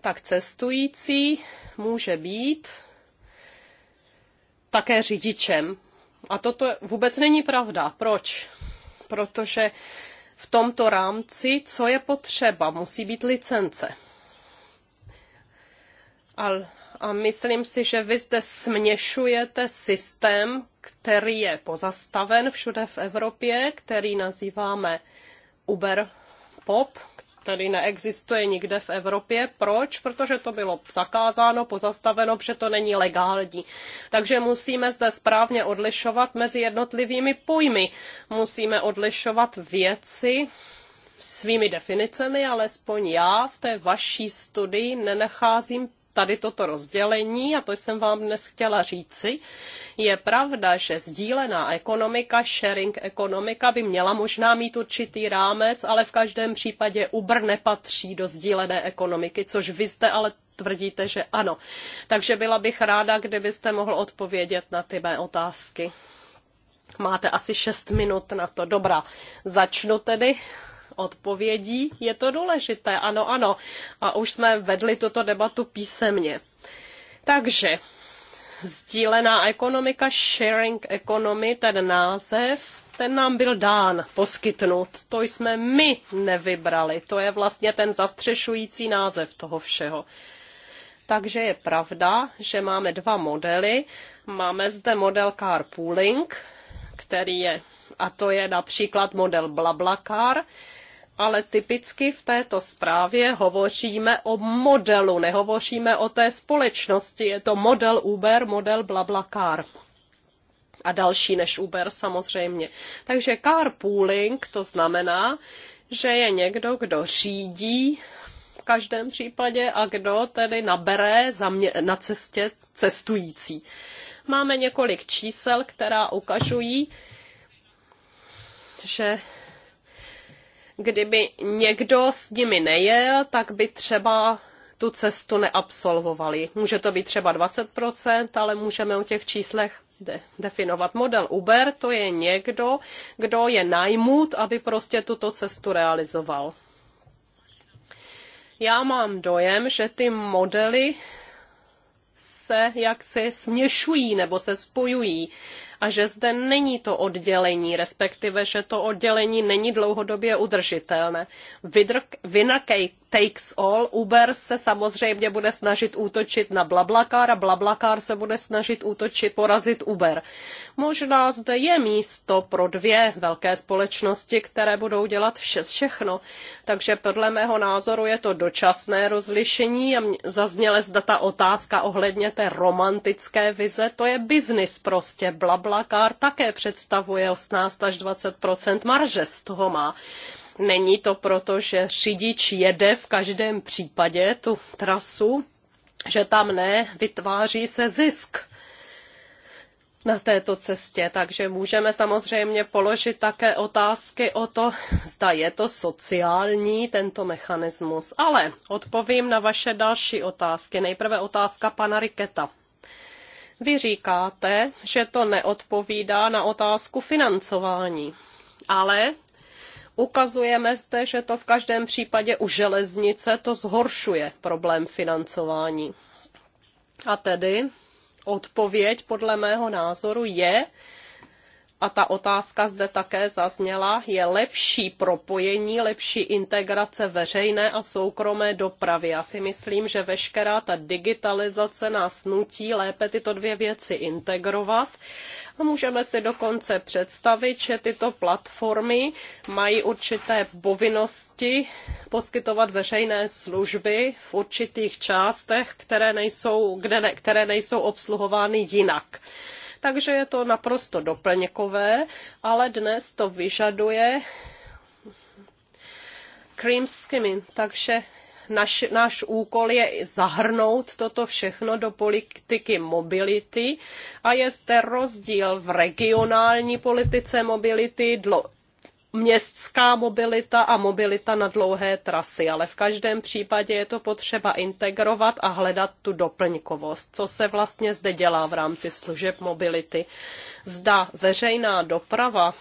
tak cestující může být také řidičem. A toto vůbec není pravda. Proč? Protože v tomto rámci, co je potřeba, musí být licence a myslím si, že vy zde směšujete systém, který je pozastaven všude v Evropě, který nazýváme Uber Pop, který neexistuje nikde v Evropě. Proč? Protože to bylo zakázáno, pozastaveno, protože to není legální. Takže musíme zde správně odlišovat mezi jednotlivými pojmy. Musíme odlišovat věci, svými definicemi, alespoň já v té vaší studii nenacházím tady toto rozdělení, a to jsem vám dnes chtěla říci, je pravda, že sdílená ekonomika, sharing ekonomika by měla možná mít určitý rámec, ale v každém případě Uber nepatří do sdílené ekonomiky, což vy zde ale tvrdíte, že ano. Takže byla bych ráda, kdybyste mohl odpovědět na ty mé otázky. Máte asi šest minut na to. Dobrá, začnu tedy odpovědí, je to důležité. Ano, ano. A už jsme vedli tuto debatu písemně. Takže sdílená ekonomika, sharing economy, ten název, ten nám byl dán, poskytnut. To jsme my nevybrali. To je vlastně ten zastřešující název toho všeho. Takže je pravda, že máme dva modely. Máme zde model carpooling, který je, a to je například model BlaBlaCar, ale typicky v této zprávě hovoříme o modelu, nehovoříme o té společnosti. Je to model Uber, model BlaBlaCar a další než Uber samozřejmě. Takže carpooling to znamená, že je někdo, kdo řídí v každém případě a kdo tedy nabere na cestě cestující. Máme několik čísel, která ukazují, že kdyby někdo s nimi nejel, tak by třeba tu cestu neabsolvovali. Může to být třeba 20%, ale můžeme o těch číslech de- definovat. Model Uber to je někdo, kdo je najmut, aby prostě tuto cestu realizoval. Já mám dojem, že ty modely se jaksi směšují nebo se spojují a že zde není to oddělení, respektive, že to oddělení není dlouhodobě udržitelné. Vidrk, winner takes all, Uber se samozřejmě bude snažit útočit na Blablakar a Blablakar se bude snažit útočit, porazit Uber. Možná zde je místo pro dvě velké společnosti, které budou dělat vše, všechno. Takže podle mého názoru je to dočasné rozlišení a zazněla zda ta otázka ohledně té romantické vize, to je biznis prostě, blabla. Blakár také představuje 18 až 20 marže z toho má. Není to proto, že řidič jede v každém případě tu trasu, že tam ne, vytváří se zisk na této cestě. Takže můžeme samozřejmě položit také otázky o to, zda je to sociální tento mechanismus. Ale odpovím na vaše další otázky. Nejprve otázka pana Riketa. Vy říkáte, že to neodpovídá na otázku financování, ale ukazujeme zde, že to v každém případě u železnice to zhoršuje problém financování. A tedy odpověď podle mého názoru je, a ta otázka zde také zazněla, je lepší propojení, lepší integrace veřejné a soukromé dopravy. Já si myslím, že veškerá ta digitalizace nás nutí lépe tyto dvě věci integrovat. A můžeme si dokonce představit, že tyto platformy mají určité povinnosti poskytovat veřejné služby v určitých částech, které nejsou, kde ne, které nejsou obsluhovány jinak takže je to naprosto doplňkové, ale dnes to vyžaduje cream skimming, takže naš, náš úkol je zahrnout toto všechno do politiky mobility a je zde rozdíl v regionální politice mobility, dlo, městská mobilita a mobilita na dlouhé trasy, ale v každém případě je to potřeba integrovat a hledat tu doplňkovost, co se vlastně zde dělá v rámci služeb mobility. Zda veřejná doprava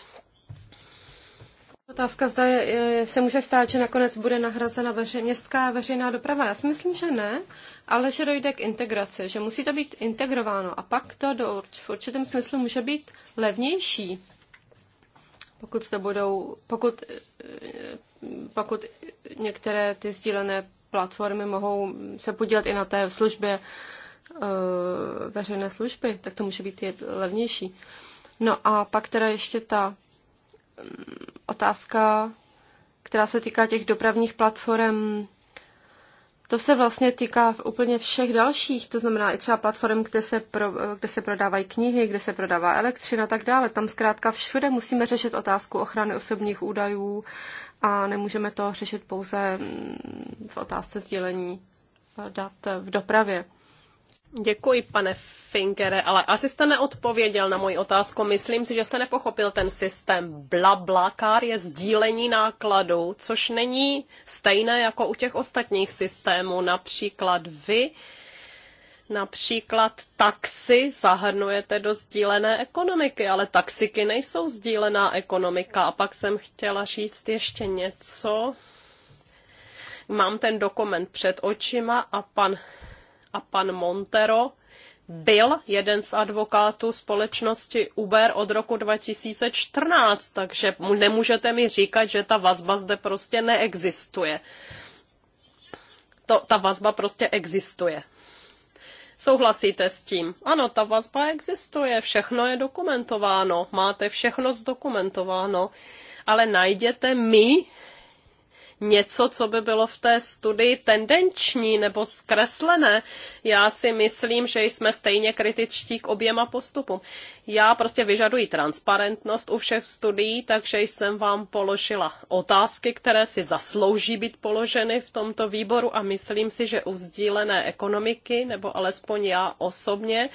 Otázka zda je, je, se může stát, že nakonec bude nahrazena veře, městská veřejná doprava. Já si myslím, že ne, ale že dojde k integraci, že musí to být integrováno a pak to do, v určitém smyslu může být levnější. Pokud, se budou, pokud, eh, pokud některé ty sdílené platformy mohou se podílet i na té službě eh, veřejné služby, tak to může být i levnější. No a pak teda ještě ta mm, otázka, která se týká těch dopravních platform to se vlastně týká úplně všech dalších, to znamená i třeba platform, kde se, pro, kde se prodávají knihy, kde se prodává elektřina a tak dále. Tam zkrátka všude musíme řešit otázku ochrany osobních údajů a nemůžeme to řešit pouze v otázce sdílení dat v dopravě. Děkuji, pane Finkere, ale asi jste neodpověděl na moji otázku. Myslím si, že jste nepochopil ten systém. Blablakár je sdílení nákladů, což není stejné jako u těch ostatních systémů. Například vy Například taxi zahrnujete do sdílené ekonomiky, ale taxiky nejsou sdílená ekonomika. A pak jsem chtěla říct ještě něco. Mám ten dokument před očima a pan a pan Montero byl jeden z advokátů společnosti Uber od roku 2014, takže nemůžete mi říkat, že ta vazba zde prostě neexistuje. To, ta vazba prostě existuje. Souhlasíte s tím? Ano, ta vazba existuje, všechno je dokumentováno, máte všechno zdokumentováno, ale najděte mi něco, co by bylo v té studii tendenční nebo zkreslené. Já si myslím, že jsme stejně kritičtí k oběma postupům. Já prostě vyžaduji transparentnost u všech studií, takže jsem vám položila otázky, které si zaslouží být položeny v tomto výboru a myslím si, že u sdílené ekonomiky, nebo alespoň já osobně,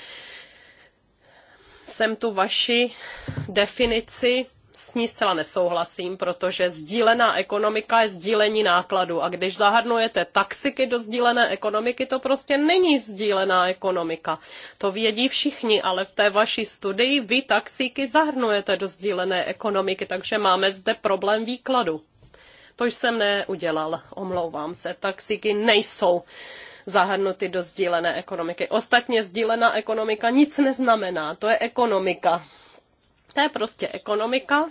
jsem tu vaši definici s ní zcela nesouhlasím, protože sdílená ekonomika je sdílení nákladu a když zahrnujete taxiky do sdílené ekonomiky, to prostě není sdílená ekonomika. To vědí všichni, ale v té vaší studii vy taxíky zahrnujete do sdílené ekonomiky, takže máme zde problém výkladu. To jsem neudělal, omlouvám se. Taxíky nejsou zahrnuty do sdílené ekonomiky. Ostatně sdílená ekonomika nic neznamená, to je ekonomika to je prostě ekonomika.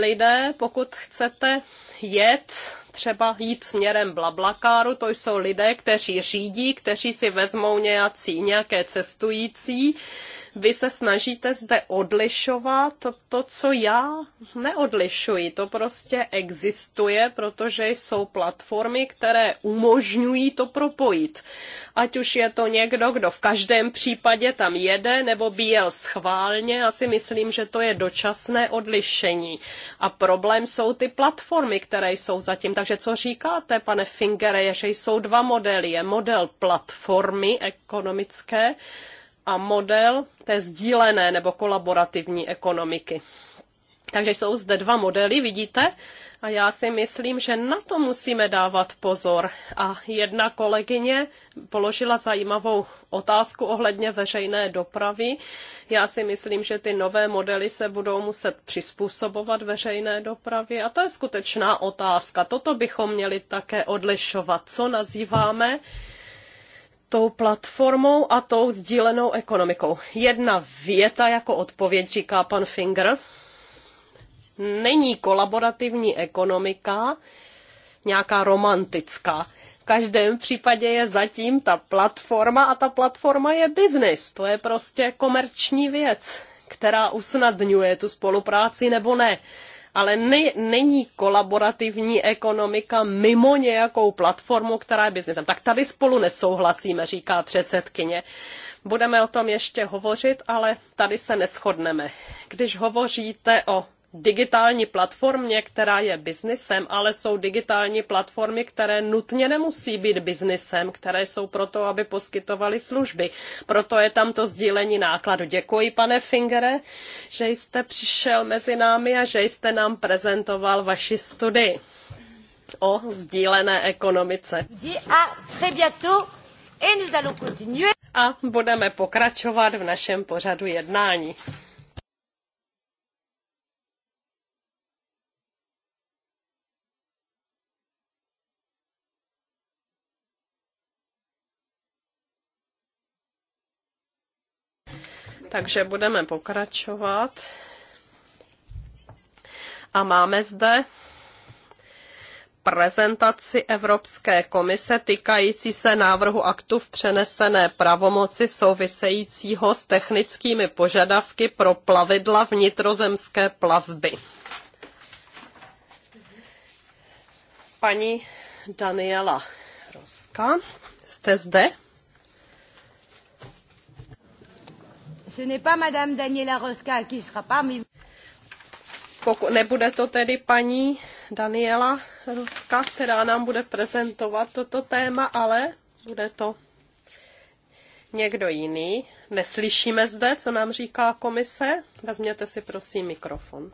Lidé, pokud chcete jet třeba jít směrem blablakáru, to jsou lidé, kteří řídí, kteří si vezmou nějací, nějaké cestující. Vy se snažíte zde odlišovat to, co já neodlišuji. To prostě existuje, protože jsou platformy, které umožňují to propojit. Ať už je to někdo, kdo v každém případě tam jede, nebo by jel schválně, já si myslím, že to je dočasné odlišení. A problém jsou ty platformy, které jsou zatím. Takže co říkáte, pane Fingere, je, že jsou dva modely. Je model platformy ekonomické a model té sdílené nebo kolaborativní ekonomiky. Takže jsou zde dva modely, vidíte? A já si myslím, že na to musíme dávat pozor. A jedna kolegyně položila zajímavou otázku ohledně veřejné dopravy. Já si myslím, že ty nové modely se budou muset přizpůsobovat veřejné dopravě. A to je skutečná otázka. Toto bychom měli také odlišovat, co nazýváme tou platformou a tou sdílenou ekonomikou. Jedna věta jako odpověď, říká pan Finger není kolaborativní ekonomika nějaká romantická. V každém případě je zatím ta platforma a ta platforma je biznis. To je prostě komerční věc, která usnadňuje tu spolupráci nebo ne ale ne, není kolaborativní ekonomika mimo nějakou platformu, která je biznesem. Tak tady spolu nesouhlasíme, říká předsedkyně. Budeme o tom ještě hovořit, ale tady se neschodneme. Když hovoříte o digitální platformě, která je biznisem, ale jsou digitální platformy, které nutně nemusí být biznisem, které jsou proto, aby poskytovaly služby. Proto je tam to sdílení nákladu. Děkuji, pane Fingere, že jste přišel mezi námi a že jste nám prezentoval vaši studii o sdílené ekonomice. A budeme pokračovat v našem pořadu jednání. Takže budeme pokračovat. A máme zde prezentaci Evropské komise týkající se návrhu aktu v přenesené pravomoci souvisejícího s technickými požadavky pro plavidla vnitrozemské plavby. Paní Daniela Roska, jste zde? Ce n'est pas Madame Daniela Roska qui sera parmi vous. Pokud nebude to tedy paní Daniela Roska, která nám bude prezentovat toto téma, ale bude to někdo jiný. Neslyšíme zde, co nám říká komise. Vezměte si prosím mikrofon.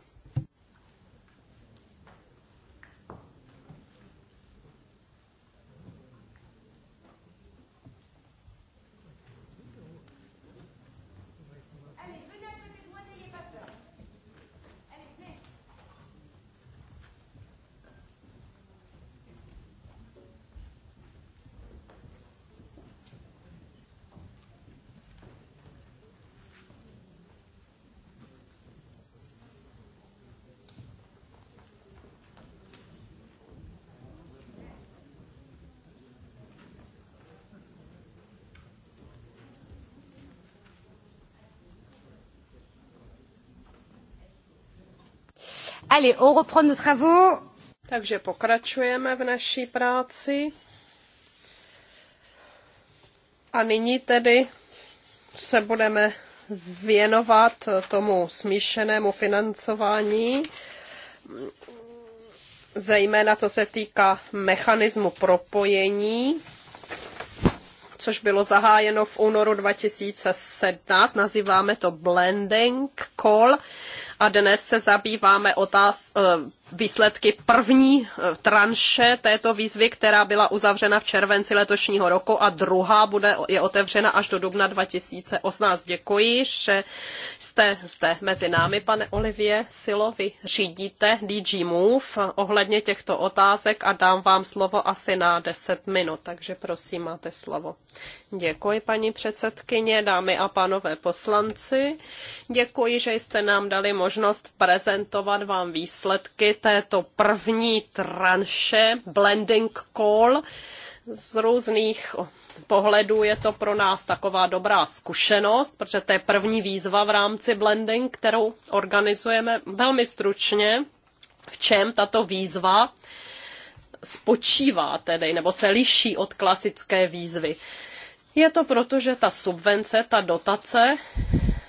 Allez, on reprend nos travaux. Takže pokračujeme v naší práci. A nyní tedy se budeme věnovat tomu smíšenému financování, zejména co se týká mechanismu propojení, což bylo zahájeno v únoru 2017. Nazýváme to blending call a dnes se zabýváme otáz, eh, výsledky první eh, tranše této výzvy, která byla uzavřena v červenci letošního roku a druhá bude, je otevřena až do dubna 2018. Děkuji, že jste zde mezi námi, pane Olivie Silo, vy řídíte DG Move ohledně těchto otázek a dám vám slovo asi na 10 minut, takže prosím, máte slovo. Děkuji, paní předsedkyně, dámy a pánové poslanci. Děkuji, že jste nám dali možnost možnost prezentovat vám výsledky této první tranše blending call. Z různých pohledů je to pro nás taková dobrá zkušenost, protože to je první výzva v rámci blending, kterou organizujeme velmi stručně. V čem tato výzva spočívá tedy, nebo se liší od klasické výzvy? Je to proto, že ta subvence, ta dotace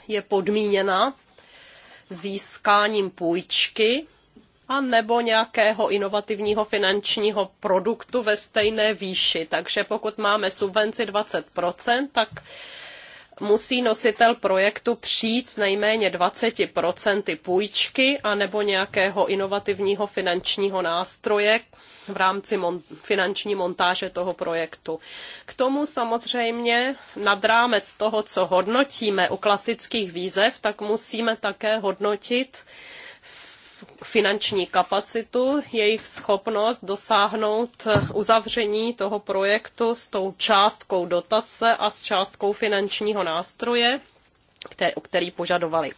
je podmíněna získáním půjčky a nebo nějakého inovativního finančního produktu ve stejné výši. Takže pokud máme subvenci 20%, tak musí nositel projektu přijít s nejméně 20% půjčky anebo nějakého inovativního finančního nástroje v rámci mon- finanční montáže toho projektu. K tomu samozřejmě nad rámec toho, co hodnotíme u klasických výzev, tak musíme také hodnotit, finanční kapacitu, jejich schopnost dosáhnout uzavření toho projektu s tou částkou dotace a s částkou finančního nástroje, který, který požadovali.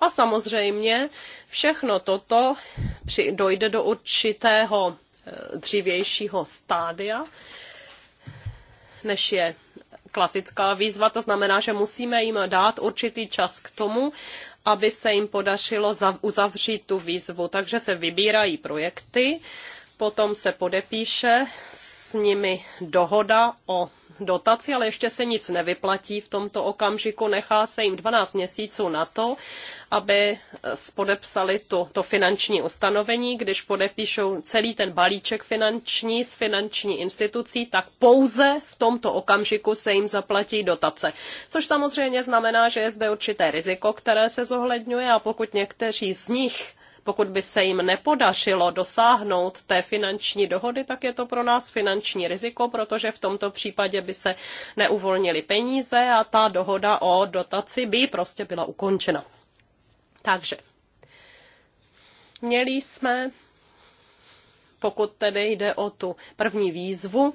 A samozřejmě všechno toto při, dojde do určitého eh, dřívějšího stádia, než je klasická výzva, to znamená, že musíme jim dát určitý čas k tomu, aby se jim podařilo uzavřít tu výzvu. Takže se vybírají projekty, potom se podepíše s nimi dohoda o dotaci, ale ještě se nic nevyplatí v tomto okamžiku. Nechá se jim 12 měsíců na to, aby eh, podepsali to, to finanční ustanovení. Když podepíšou celý ten balíček finanční s finanční institucí, tak pouze v tomto okamžiku se jim zaplatí dotace. Což samozřejmě znamená, že je zde určité riziko, které se zohledňuje a pokud někteří z nich pokud by se jim nepodařilo dosáhnout té finanční dohody, tak je to pro nás finanční riziko, protože v tomto případě by se neuvolnily peníze a ta dohoda o dotaci by prostě byla ukončena. Takže měli jsme, pokud tedy jde o tu první výzvu,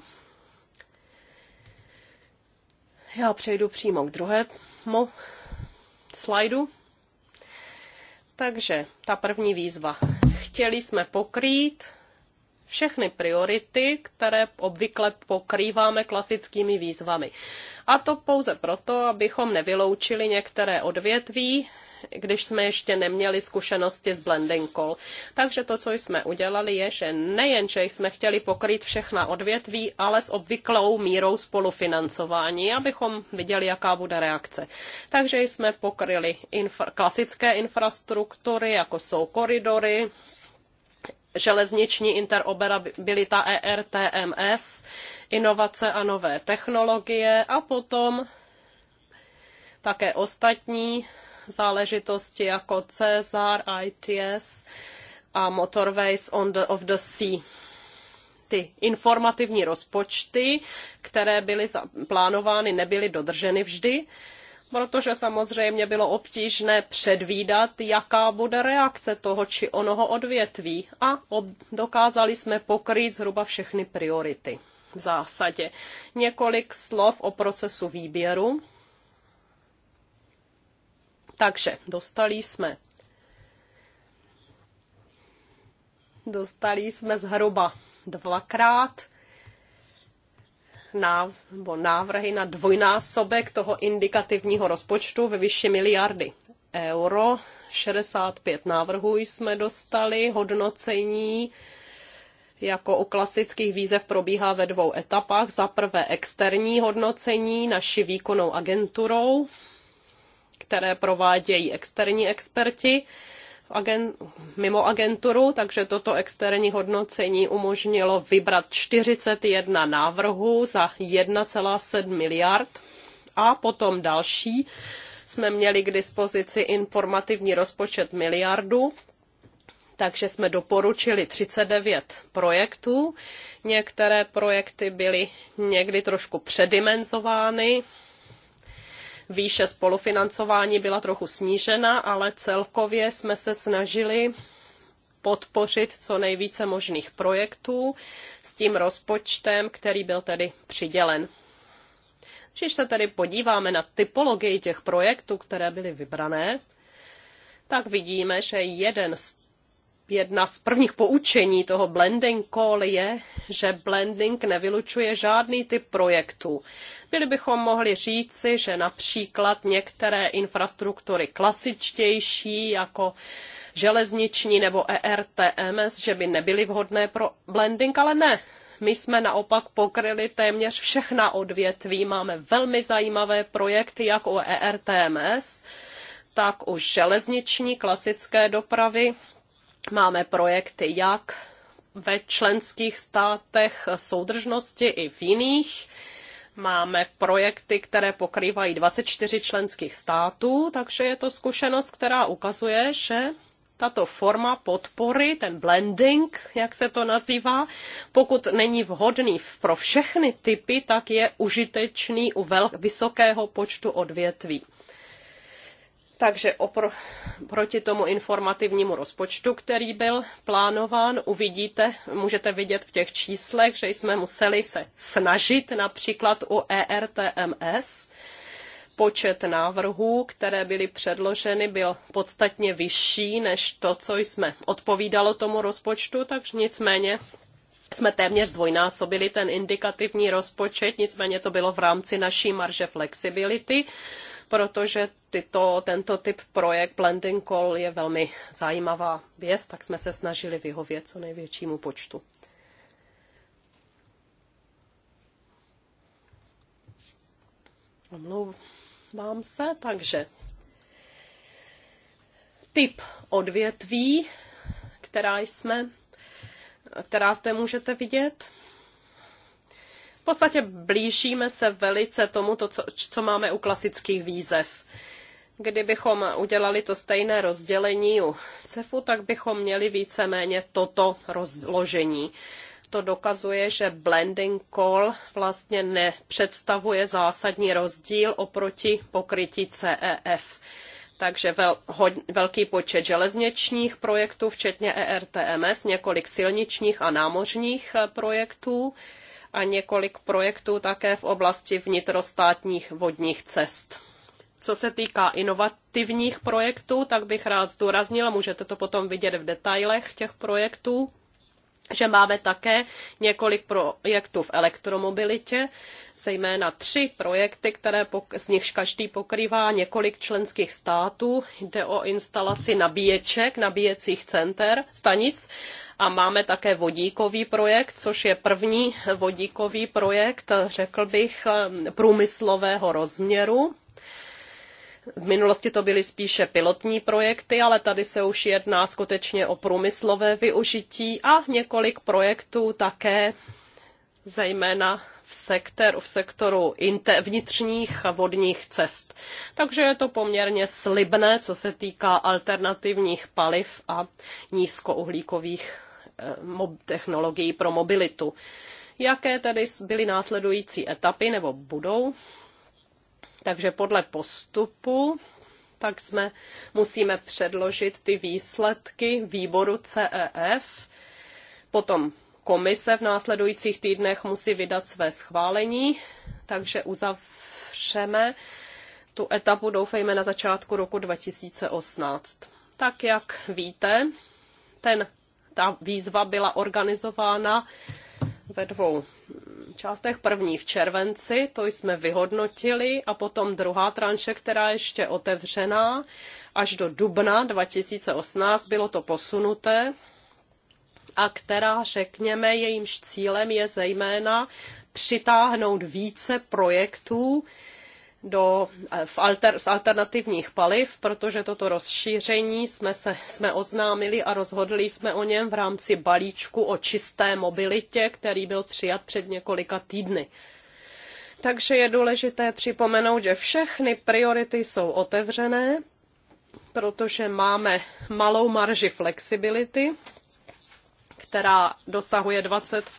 já přejdu přímo k druhému slajdu. Takže ta první výzva. Chtěli jsme pokrýt všechny priority, které obvykle pokrýváme klasickými výzvami. A to pouze proto, abychom nevyloučili některé odvětví, když jsme ještě neměli zkušenosti s blending call. Takže to, co jsme udělali, je, že nejen, že jsme chtěli pokryt všechna odvětví, ale s obvyklou mírou spolufinancování, abychom viděli, jaká bude reakce. Takže jsme pokryli infra- klasické infrastruktury, jako jsou koridory, železniční interoperabilita ERTMS, inovace a nové technologie a potom také ostatní záležitosti jako Cezar, ITS a Motorways on the, of the Sea ty informativní rozpočty, které byly plánovány, nebyly dodrženy vždy, protože samozřejmě bylo obtížné předvídat, jaká bude reakce toho či onoho odvětví a dokázali jsme pokrýt zhruba všechny priority v zásadě. Několik slov o procesu výběru takže dostali jsme dostali jsme zhruba dvakrát na, nebo návrhy na dvojnásobek toho indikativního rozpočtu ve vyšší miliardy euro. 65 návrhů jsme dostali, hodnocení jako u klasických výzev probíhá ve dvou etapách. Za prvé externí hodnocení naší výkonnou agenturou které provádějí externí experti agen, mimo agenturu, takže toto externí hodnocení umožnilo vybrat 41 návrhů za 1,7 miliard a potom další jsme měli k dispozici informativní rozpočet miliardu, takže jsme doporučili 39 projektů. Některé projekty byly někdy trošku předimenzovány, výše spolufinancování byla trochu snížena, ale celkově jsme se snažili podpořit co nejvíce možných projektů s tím rozpočtem, který byl tedy přidělen. Když se tedy podíváme na typologii těch projektů, které byly vybrané, tak vidíme, že jeden z jedna z prvních poučení toho blending call je, že blending nevylučuje žádný typ projektů. Byli bychom mohli říci, že například některé infrastruktury klasičtější, jako železniční nebo ERTMS, že by nebyly vhodné pro blending, ale ne. My jsme naopak pokryli téměř všechna odvětví, máme velmi zajímavé projekty, jak o ERTMS, tak o železniční klasické dopravy, Máme projekty jak ve členských státech soudržnosti i v jiných. Máme projekty, které pokrývají 24 členských států, takže je to zkušenost, která ukazuje, že tato forma podpory, ten blending, jak se to nazývá, pokud není vhodný pro všechny typy, tak je užitečný u vel- vysokého počtu odvětví. Takže opr- proti tomu informativnímu rozpočtu, který byl plánován, uvidíte, můžete vidět v těch číslech, že jsme museli se snažit například u ERTMS. Počet návrhů, které byly předloženy, byl podstatně vyšší než to, co jsme odpovídalo tomu rozpočtu, takže nicméně jsme téměř zdvojnásobili ten indikativní rozpočet, nicméně to bylo v rámci naší marže flexibility protože tyto, tento typ projekt Blending Call je velmi zajímavá věc, tak jsme se snažili vyhovět co největšímu počtu. Omlouvám se, takže typ odvětví, která jsme, která zde můžete vidět, v podstatě blížíme se velice tomu, to, co, co máme u klasických výzev. Kdybychom udělali to stejné rozdělení u CEFu, tak bychom měli víceméně toto rozložení to dokazuje, že blending call vlastně nepředstavuje zásadní rozdíl oproti pokrytí CEF takže vel, velký počet železničních projektů, včetně ERTMS, několik silničních a námořních eh, projektů a několik projektů také v oblasti vnitrostátních vodních cest. Co se týká inovativních projektů, tak bych rád zdůraznila, můžete to potom vidět v detailech těch projektů, že máme také několik projektů v elektromobilitě, zejména tři projekty, které z nich každý pokrývá několik členských států. Jde o instalaci nabíječek, nabíjecích center, stanic a máme také vodíkový projekt, což je první vodíkový projekt, řekl bych, průmyslového rozměru v minulosti to byly spíše pilotní projekty, ale tady se už jedná skutečně o průmyslové využití a několik projektů také zejména v, sektor, v sektoru inter, vnitřních vodních cest. Takže je to poměrně slibné, co se týká alternativních paliv a nízkouhlíkových eh, technologií pro mobilitu. Jaké tedy byly následující etapy nebo budou? Takže podle postupu tak jsme musíme předložit ty výsledky výboru CEF, potom komise v následujících týdnech musí vydat své schválení, takže uzavřeme tu etapu, doufejme, na začátku roku 2018. Tak jak víte, ten, ta výzva byla organizována ve dvou částech. První v červenci, to jsme vyhodnotili, a potom druhá tranše, která je ještě otevřená, až do dubna 2018 bylo to posunuté a která, řekněme, jejímž cílem je zejména přitáhnout více projektů, do, eh, v alter, z alternativních paliv, protože toto rozšíření jsme, se, jsme oznámili a rozhodli jsme o něm v rámci balíčku o čisté mobilitě, který byl přijat před několika týdny. Takže je důležité připomenout, že všechny priority jsou otevřené, protože máme malou marži flexibility která dosahuje 20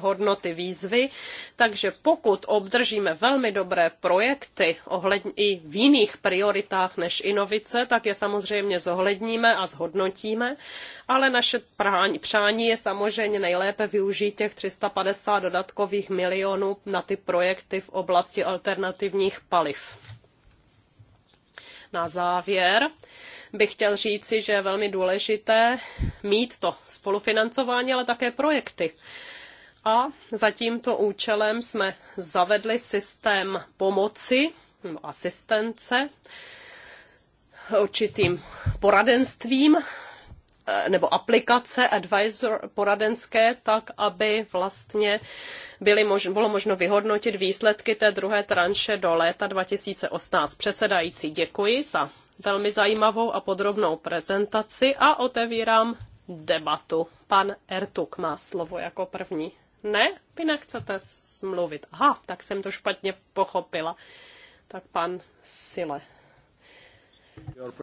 hodnoty výzvy. Takže pokud obdržíme velmi dobré projekty ohledně i v jiných prioritách než inovice, tak je samozřejmě zohledníme a zhodnotíme, ale naše přání je samozřejmě nejlépe využít těch 350 dodatkových milionů na ty projekty v oblasti alternativních paliv na závěr bych chtěl říci, že je velmi důležité mít to spolufinancování, ale také projekty. A za tímto účelem jsme zavedli systém pomoci, asistence, určitým poradenstvím Eh, nebo aplikace advisor poradenské, tak aby vlastně byly mož, bylo možno vyhodnotit výsledky té druhé tranše do léta 2018. Předsedající, děkuji za velmi zajímavou a podrobnou prezentaci a otevírám debatu. Pan Ertuk má slovo jako první. Ne, vy nechcete smluvit? Aha, tak jsem to špatně pochopila. Tak pan Sile.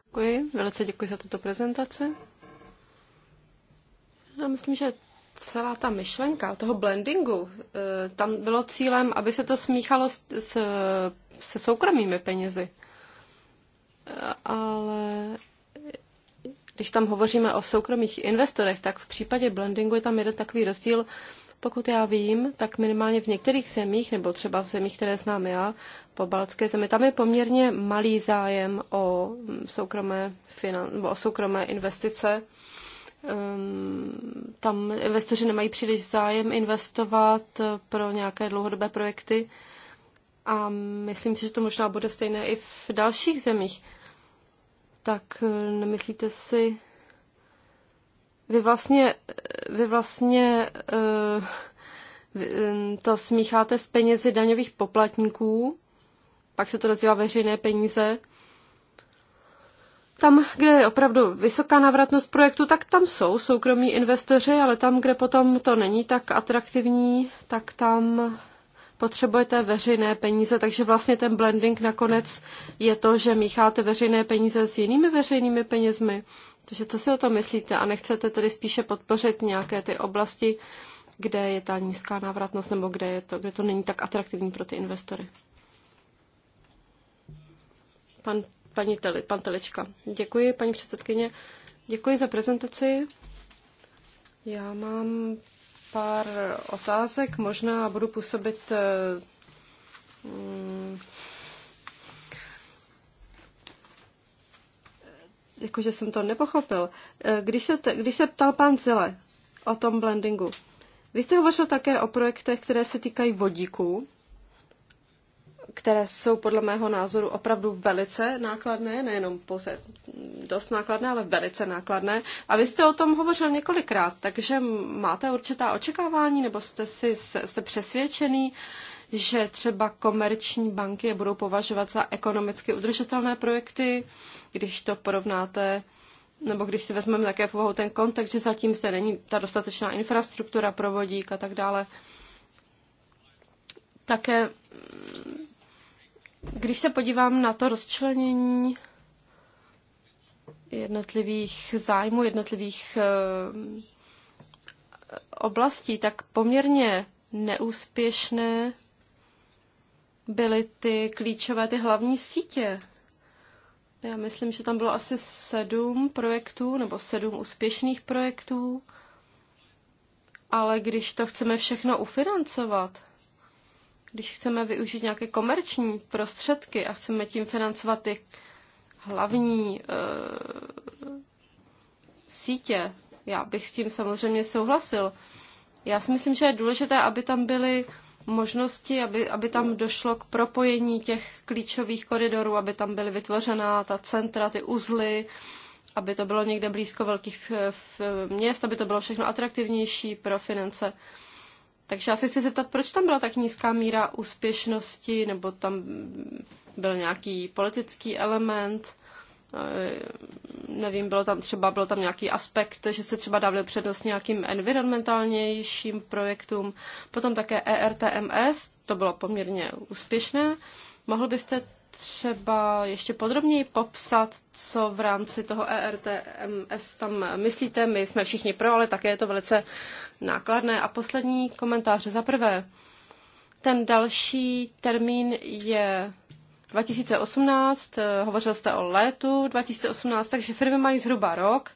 Děkuji, velice děkuji za tuto prezentaci. Já myslím, že celá ta myšlenka toho blendingu, eh, tam bylo cílem, aby se to smíchalo s, s, se soukromými penězi. Eh, ale když tam hovoříme o soukromých investorech, tak v případě blendingu je tam jeden takový rozdíl. Pokud já vím, tak minimálně v některých zemích, nebo třeba v zemích, které znám já, po baltské zemi, tam je poměrně malý zájem o soukromé, finan- o soukromé investice. Ehm, tam investoři nemají příliš zájem investovat eh, pro nějaké dlouhodobé projekty a myslím si, že to možná bude stejné i v dalších zemích. Tak eh, nemyslíte si, vy vlastně, eh, vy vlastně ehm, to smícháte s penězi daňových poplatníků, pak se to nazývá veřejné peníze, tam, kde je opravdu vysoká návratnost projektu, tak tam jsou soukromí investoři, ale tam, kde potom to není tak atraktivní, tak tam potřebujete veřejné peníze, takže vlastně ten blending nakonec je to, že mícháte veřejné peníze s jinými veřejnými penězmi. Takže co si o tom myslíte a nechcete tedy spíše podpořit nějaké ty oblasti, kde je ta nízká návratnost nebo kde, je to, kde to není tak atraktivní pro ty investory? Pan paní Teli, pan Děkuji, paní předsedkyně. Děkuji za prezentaci. Já mám pár otázek, možná budu působit hmm, jakože jsem to nepochopil. Eh, když se, když se ptal pan Zile o tom blendingu, vy jste hovořil také o projektech, které se týkají vodíků, které jsou podle mého názoru opravdu velice nákladné, nejenom pouze dost nákladné, ale velice nákladné. A vy jste o tom hovořil několikrát, takže máte určitá očekávání, nebo jste si jste přesvědčený, že třeba komerční banky je budou považovat za ekonomicky udržitelné projekty, když to porovnáte nebo když si vezmeme také v úvahu ten kontext, že zatím zde není ta dostatečná infrastruktura pro vodík a tak dále. Také když se podívám na to rozčlenění jednotlivých zájmů, jednotlivých eh, oblastí, tak poměrně neúspěšné byly ty klíčové, ty hlavní sítě. Já myslím, že tam bylo asi sedm projektů nebo sedm úspěšných projektů, ale když to chceme všechno ufinancovat, když chceme využít nějaké komerční prostředky a chceme tím financovat ty hlavní e, sítě, já bych s tím samozřejmě souhlasil. Já si myslím, že je důležité, aby tam byly možnosti, aby, aby tam došlo k propojení těch klíčových koridorů, aby tam byly vytvořena ta centra, ty uzly, aby to bylo někde blízko velkých eh, měst, aby to bylo všechno atraktivnější pro finance. Takže já se chci zeptat, proč tam byla tak nízká míra úspěšnosti, nebo tam byl nějaký politický element, eh, nevím, bylo tam třeba bylo tam nějaký aspekt, že se třeba dávali přednost nějakým environmentálnějším projektům. Potom také ERTMS, to bylo poměrně úspěšné. Mohl byste třeba ještě podrobněji popsat, co v rámci toho ERTMS tam myslíte? My jsme všichni pro, ale také je to velice nákladné. A poslední komentáře. Za prvé, ten další termín je 2018, hovořil jste o létu 2018, takže firmy mají zhruba rok,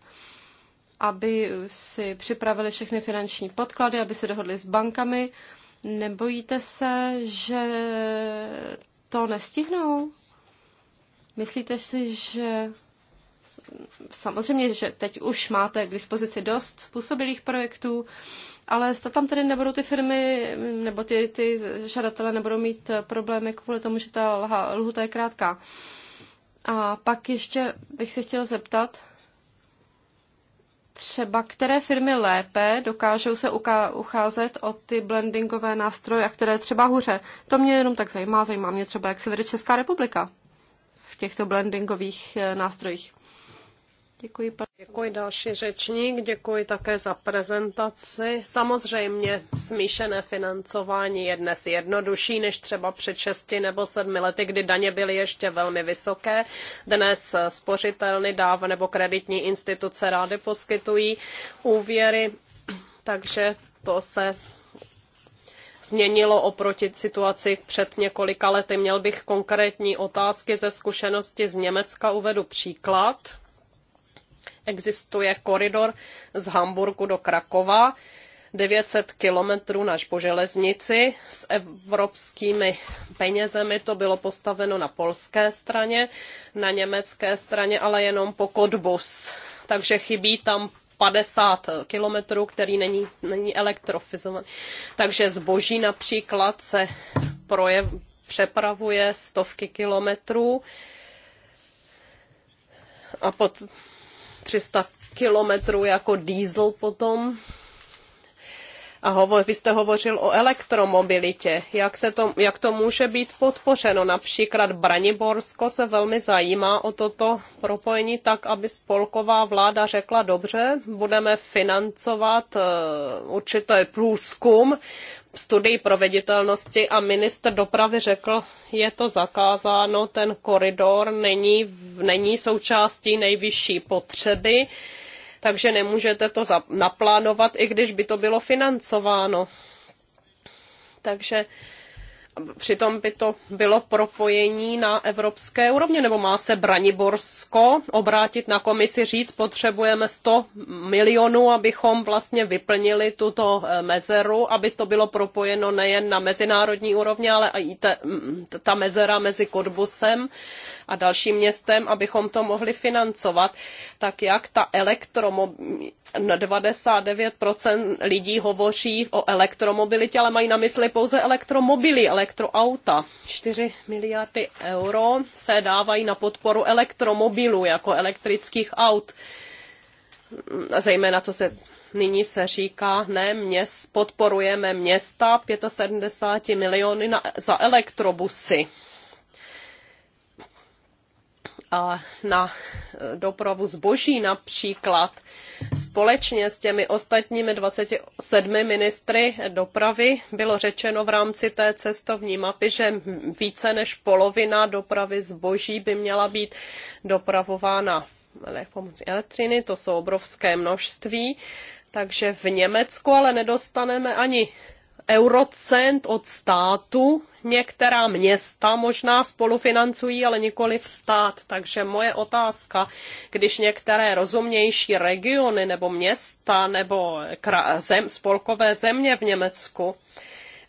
aby si připravili všechny finanční podklady, aby se dohodli s bankami. Nebojíte se, že to nestihnou? Myslíte si, že samozřejmě, že teď už máte k dispozici dost způsobilých projektů, ale tam tedy nebudou ty firmy nebo ty, ty žadatele nebudou mít problémy kvůli tomu, že ta lhuta je krátká. A pak ještě bych se chtěl zeptat, třeba které firmy lépe dokážou se ucházet o ty blendingové nástroje a které třeba hůře. To mě jenom tak zajímá, zajímá mě třeba, jak se vede Česká republika v těchto blendingových eh, nástrojích. Děkuji, pan... Děkuji další řečník, děkuji také za prezentaci. Samozřejmě smíšené financování je dnes jednodušší než třeba před 6 nebo 7 lety, kdy daně byly ještě velmi vysoké. Dnes spořitelny, dáv nebo kreditní instituce rády poskytují úvěry, takže to se změnilo oproti situaci před několika lety. Měl bych konkrétní otázky ze zkušenosti z Německa, uvedu příklad Existuje koridor z Hamburgu do Krakova, 900 kilometrů až po železnici. S evropskými penězemi to bylo postaveno na polské straně, na německé straně ale jenom po Kodbus. Takže chybí tam 50 kilometrů, který není, není elektrofizovaný. Takže zboží například se projev, přepravuje stovky kilometrů. A pot, 300 kilometrů jako diesel potom. A hovo, vy jste hovořil o elektromobilitě. Jak, se to, jak to může být podpořeno? Například Braniborsko se velmi zajímá o toto propojení tak, aby spolková vláda řekla dobře, budeme financovat uh, určité průzkum studii proveditelnosti a ministr dopravy řekl, je to zakázáno, ten koridor není, není součástí nejvyšší potřeby. Uh, takže nemůžete to naplánovat, i když by to bylo financováno. Takže přitom by to bylo propojení na evropské úrovně, nebo má se Braniborsko obrátit na komisi říct, potřebujeme 100 milionů, abychom vlastně vyplnili tuto eh, mezeru, aby to bylo propojeno nejen na mezinárodní úrovni, ale i ta mezera mezi Kodbusem a dalším městem, abychom to mohli financovat. Tak jak ta elektromobilita, no, 99% lidí hovoří o elektromobilitě, ale mají na mysli pouze elektromobily, ale elektroauta. 4 miliardy euro se dávají na podporu elektromobilů jako elektrických aut. Zejména co se nyní se říká, ne, měst, podporujeme města 75 miliony na, za elektrobusy a na eh, dopravu zboží například společně s těmi ostatními 27 ministry dopravy bylo řečeno v rámci té cestovní mapy, že více než polovina dopravy zboží by měla být dopravována pomocí elektřiny, to jsou obrovské množství, takže v Německu ale nedostaneme ani eurocent od státu. Některá města možná spolufinancují, ale nikoli v stát. Takže moje otázka, když některé rozumnější regiony nebo města nebo zem, spolkové země v Německu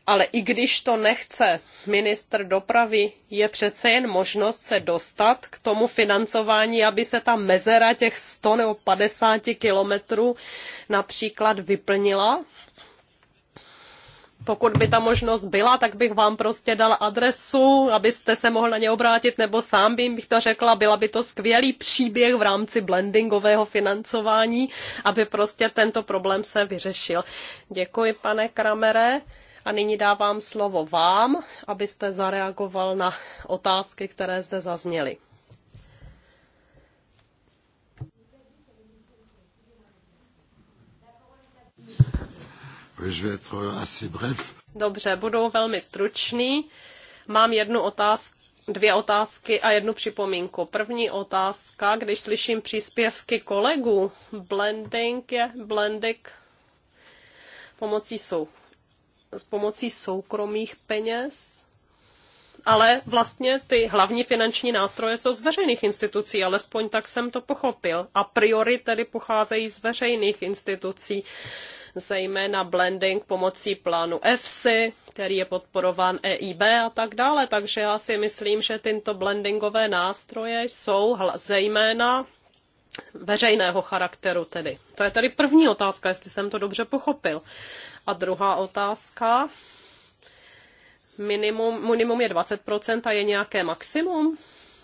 ale i když to nechce ministr dopravy, je přece jen možnost se dostat k tomu financování, aby se ta mezera těch 100 nebo 50 kilometrů například vyplnila pokud by ta možnost byla, tak bych vám prostě dal adresu, abyste se mohl na ně obrátit, nebo sám bym bych to řekla, byla by to skvělý příběh v rámci blendingového financování, aby prostě tento problém se vyřešil. Děkuji, pane Kramere. A nyní dávám slovo vám, abyste zareagoval na otázky, které zde zazněly. Dobře, budu velmi stručný. Mám jednu otázku dvě otázky a jednu připomínku. První otázka, když slyším příspěvky kolegů, blending je blending pomocí sou, s pomocí soukromých peněz ale vlastně ty hlavní finanční nástroje jsou z veřejných institucí, alespoň tak jsem to pochopil. A priory tedy pocházejí z veřejných institucí, zejména blending pomocí plánu EFSI, který je podporován EIB a tak dále. Takže já si myslím, že tyto blendingové nástroje jsou zejména veřejného charakteru tedy. To je tady první otázka, jestli jsem to dobře pochopil. A druhá otázka, minimum, minimum je 20% a je nějaké maximum?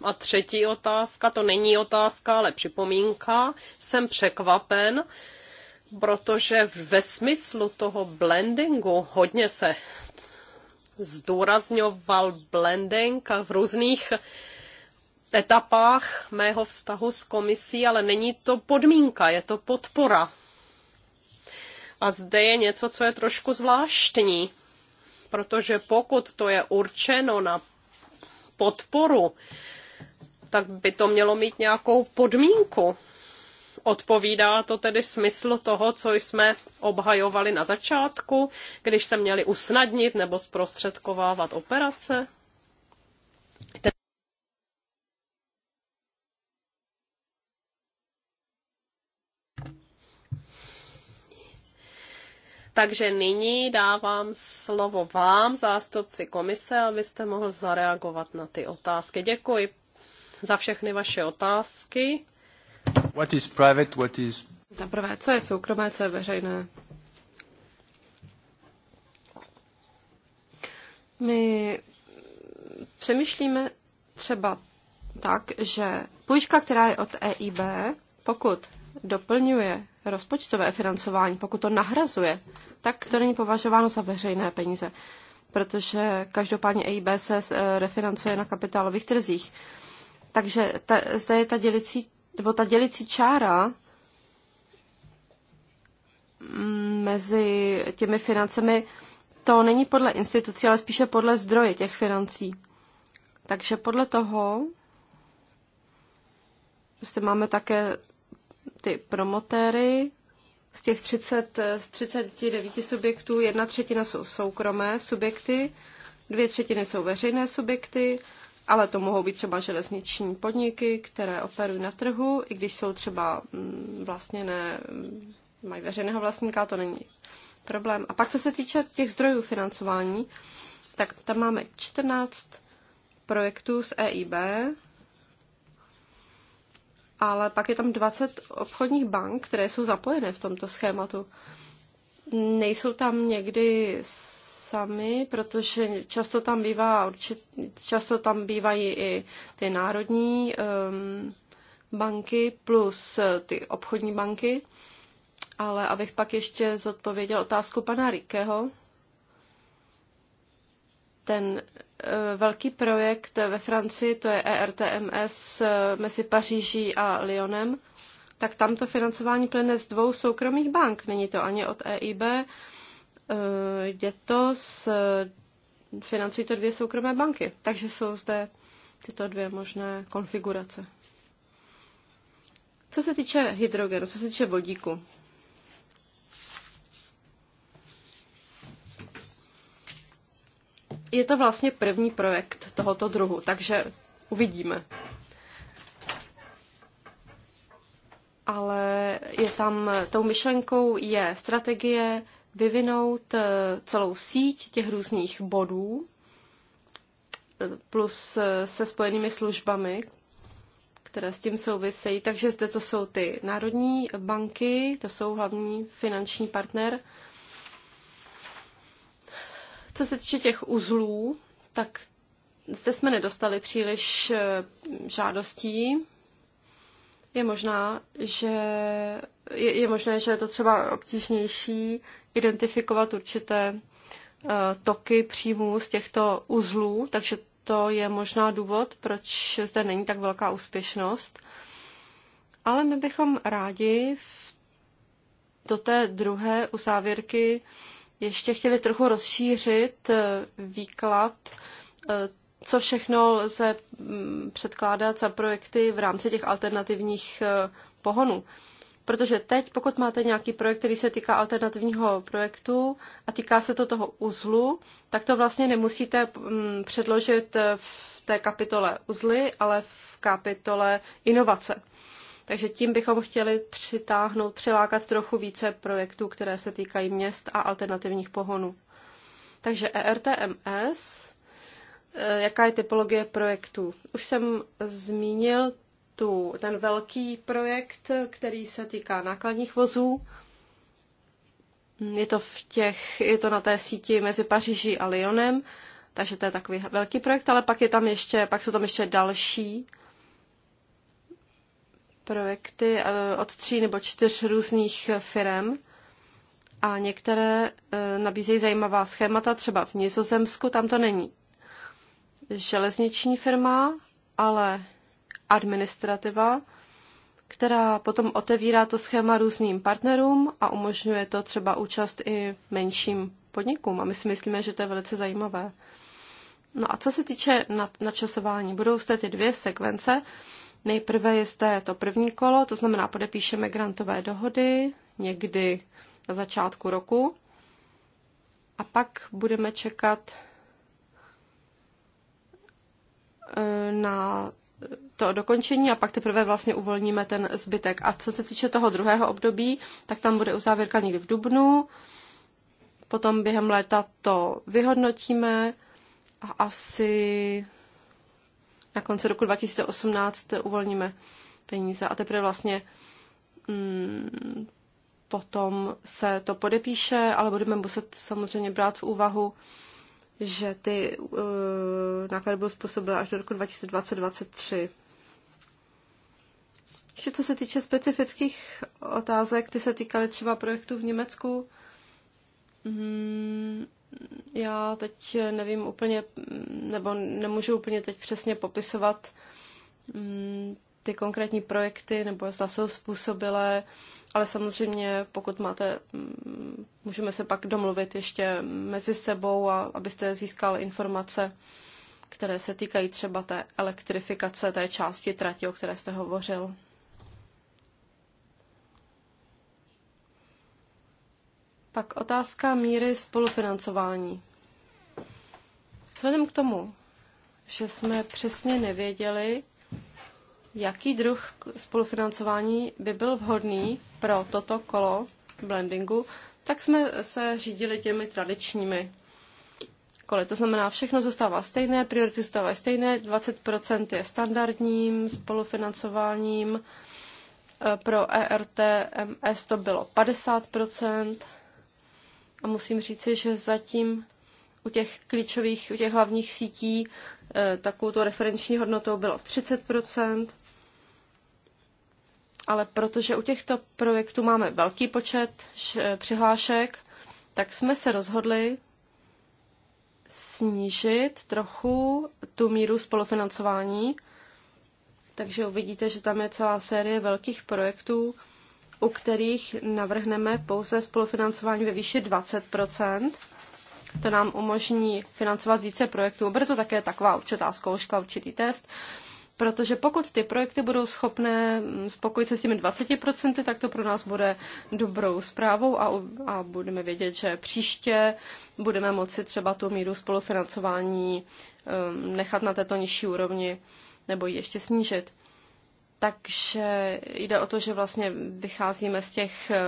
A třetí otázka, to není otázka, ale připomínka. Jsem překvapen, protože ve smyslu toho blendingu hodně se zdůrazňoval blending v různých etapách mého vztahu s komisí, ale není to podmínka, je to podpora. A zde je něco, co je trošku zvláštní protože pokud to je určeno na podporu, tak by to mělo mít nějakou podmínku. Odpovídá to tedy smyslu toho, co jsme obhajovali na začátku, když se měli usnadnit nebo zprostředkovávat operace? Takže nyní dávám slovo vám, zástupci komise, abyste mohl zareagovat na ty otázky. Děkuji za všechny vaše otázky. What is private, what is... Za prvé, co je soukromé, co je veřejné? My přemýšlíme třeba tak, že půjčka, která je od EIB, pokud doplňuje rozpočtové financování, pokud to nahrazuje, tak to není považováno za veřejné peníze, protože každopádně EIB se eh, refinancuje na kapitálových trzích. Takže ta, zde je ta dělicí, nebo ta dělicí čára mm, mezi těmi financemi, to není podle institucí, ale spíše podle zdroje těch financí. Takže podle toho prostě máme také ty promotéry. Z těch 30, z 39 subjektů jedna třetina jsou soukromé subjekty, dvě třetiny jsou veřejné subjekty, ale to mohou být třeba železniční podniky, které operují na trhu, i když jsou třeba mm, vlastně ne, mm, mají veřejného vlastníka, to není problém. A pak, co se týče těch zdrojů financování, tak tam máme 14 projektů z EIB, ale pak je tam 20 obchodních bank, které jsou zapojené v tomto schématu. Nejsou tam někdy sami, protože často tam, bývá určit, často tam bývají i ty národní um, banky plus eh, ty obchodní banky. Ale abych pak ještě zodpověděl otázku pana Rikého, ten Eh, velký projekt ve Francii, to je ERTMS eh, mezi Paříží a Lyonem, tak tam to financování plyne z dvou soukromých bank. Není to ani od EIB, eh, jde to s, financují to dvě soukromé banky. Takže jsou zde tyto dvě možné konfigurace. Co se týče hydrogenu, co se týče vodíku, je to vlastně první projekt tohoto druhu, takže uvidíme. Ale je tam, tou myšlenkou je strategie vyvinout eh, celou síť těch různých bodů eh, plus eh, se spojenými službami, které s tím souvisejí. Takže zde to jsou ty národní banky, to jsou hlavní finanční partner, co se týče těch uzlů, tak zde jsme nedostali příliš eh, žádostí. Je možná, že je, je možné, že je to třeba obtížnější identifikovat určité uh, toky příjmů z těchto uzlů, takže to je možná důvod, proč zde není tak velká úspěšnost. Ale my bychom rádi do té druhé usávěrky uh, ještě chtěli trochu rozšířit eh, výklad, eh, co všechno lze mm, předkládat za projekty v rámci těch alternativních eh, pohonů. Protože teď, pokud máte nějaký projekt, který se týká alternativního projektu a týká se to toho uzlu, tak to vlastně nemusíte mm, předložit v té kapitole uzly, ale v kapitole inovace. Takže tím bychom chtěli přitáhnout, přilákat trochu více projektů, které se týkají měst a alternativních pohonů. Takže ERTMS, eh, jaká je typologie projektů? Už jsem zmínil tu, ten velký projekt, který se týká nákladních vozů. Je to, v těch, je to na té síti mezi Paříží a Lyonem, takže to je takový velký projekt, ale pak, je tam ještě, pak jsou tam ještě další projekty eh, od tří nebo čtyř různých firm a některé eh, nabízejí zajímavá schémata, třeba v Nizozemsku, tam to není železniční firma, ale administrativa, která potom otevírá to schéma různým partnerům a umožňuje to třeba účast i menším podnikům. A my si myslíme, že to je velice zajímavé. No a co se týče načasování, budou zde ty dvě sekvence. Nejprve je zde to první kolo, to znamená podepíšeme grantové dohody někdy na začátku roku a pak budeme čekat eh, na eh, to dokončení a pak teprve vlastně uvolníme ten zbytek. A co se týče toho druhého období, tak tam bude uzávěrka někdy v dubnu, potom během léta to vyhodnotíme a asi na konci roku 2018 uvolníme peníze a teprve vlastně mm, potom se to podepíše, ale budeme muset samozřejmě brát v úvahu, že ty uh, náklady budou způsobené až do roku 2023 Ještě co se týče specifických otázek, ty se týkaly třeba projektu v Německu. Mm, já teď nevím úplně, nebo nemůžu úplně teď přesně popisovat mm, ty konkrétní projekty, nebo zda jsou způsobilé, ale samozřejmě, pokud máte, mm, můžeme se pak domluvit ještě mezi sebou, a abyste získal informace, které se týkají třeba té elektrifikace té části trati, o které jste hovořil. Pak otázka míry spolufinancování. Vzhledem k tomu, že jsme přesně nevěděli, jaký druh spolufinancování by byl vhodný pro toto kolo blendingu, tak jsme se řídili těmi tradičními kole. To znamená, všechno zůstává stejné, priority zůstávají stejné, 20% je standardním spolufinancováním, e, pro ERTMS to bylo 50%, a musím říci, že zatím u těch klíčových, u těch hlavních sítí eh, takovou to referenční hodnotou bylo 30 ale protože u těchto projektů máme velký počet eh, přihlášek, tak jsme se rozhodli snížit trochu tu míru spolufinancování. Takže uvidíte, že tam je celá série velkých projektů, u kterých navrhneme pouze spolufinancování ve výši 20 To nám umožní financovat více projektů. Bude to také taková určitá zkouška, určitý test. Protože pokud ty projekty budou schopné mm, spokojit se s těmi 20%, tak to pro nás bude dobrou zprávou a, a budeme vědět, že příště budeme moci třeba tu míru spolufinancování um, nechat na této nižší úrovni nebo ji ještě snížit. Takže jde o to, že vlastně vycházíme z těch eh,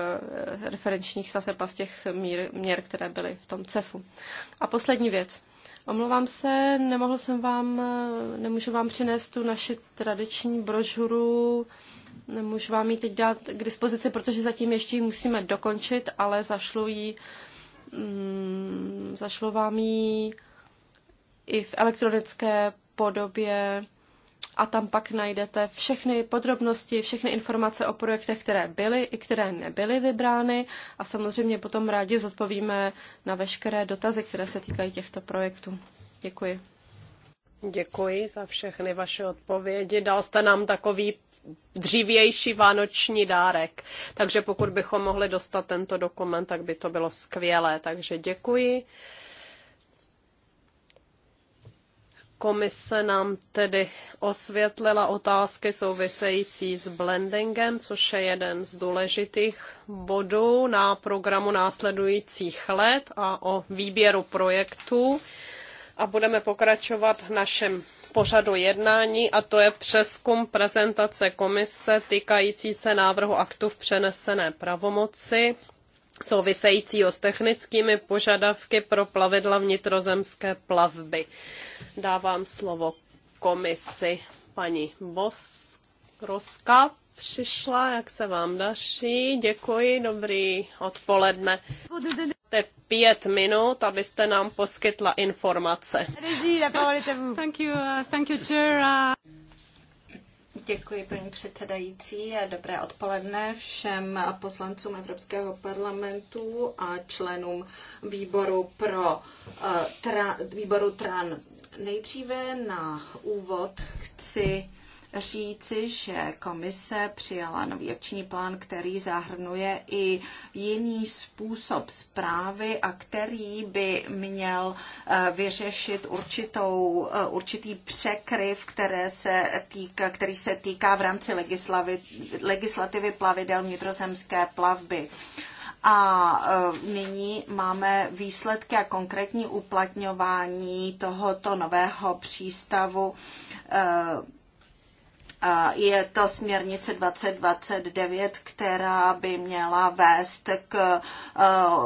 referenčních sazeb a z těch mír, měr, které byly v tom CEFu. A poslední věc. Omlouvám se, nemohl jsem vám, eh, nemůžu vám přinést tu naši tradiční brožuru, nemůžu vám ji teď dát k dispozici, protože zatím ještě ji musíme dokončit, ale zašlu jí, mm, zašlu vám ji i v elektronické podobě a tam pak najdete všechny podrobnosti, všechny informace o projektech, které byly i které nebyly vybrány a samozřejmě potom rádi zodpovíme na veškeré dotazy, které se týkají těchto projektů. Děkuji. Děkuji za všechny vaše odpovědi. Dal jste nám takový dřívější vánoční dárek. Takže pokud bychom mohli dostat tento dokument, tak by to bylo skvělé. Takže děkuji. Komise nám tedy osvětlila otázky související s blendingem, což je jeden z důležitých bodů na programu následujících let a o výběru projektů. A budeme pokračovat v našem pořadu jednání a to je přeskum prezentace komise týkající se návrhu aktu v přenesené pravomoci souvisejícího s technickými požadavky pro plavidla vnitrozemské plavby. Dávám slovo komisi paní Bos Roska přišla, jak se vám daší. Děkuji, dobrý odpoledne. Máte pět minut, abyste nám poskytla informace. thank you, uh, thank you, Chair. Uh, Děkuji, paní předsedající, a dobré odpoledne všem poslancům Evropského parlamentu a členům výboru pro eh, tra, výboru TRAN. Nejdříve na úvod chci říci, že komise přijala nový akční plán, který zahrnuje i jiný způsob zprávy a který by měl eh, vyřešit určitou, eh, určitý překryv, které se týka, který se týká v rámci legislativy, legislativy plavidel vnitrozemské plavby a eh, nyní máme výsledky a konkrétní uplatňování tohoto nového přístavu je to směrnice 2029, která by měla vést k eh,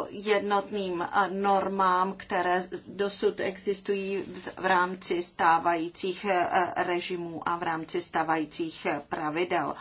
jednotným eh, normám, které dosud existují v rámci stávajících eh, režimů a v rámci stávajících pravidel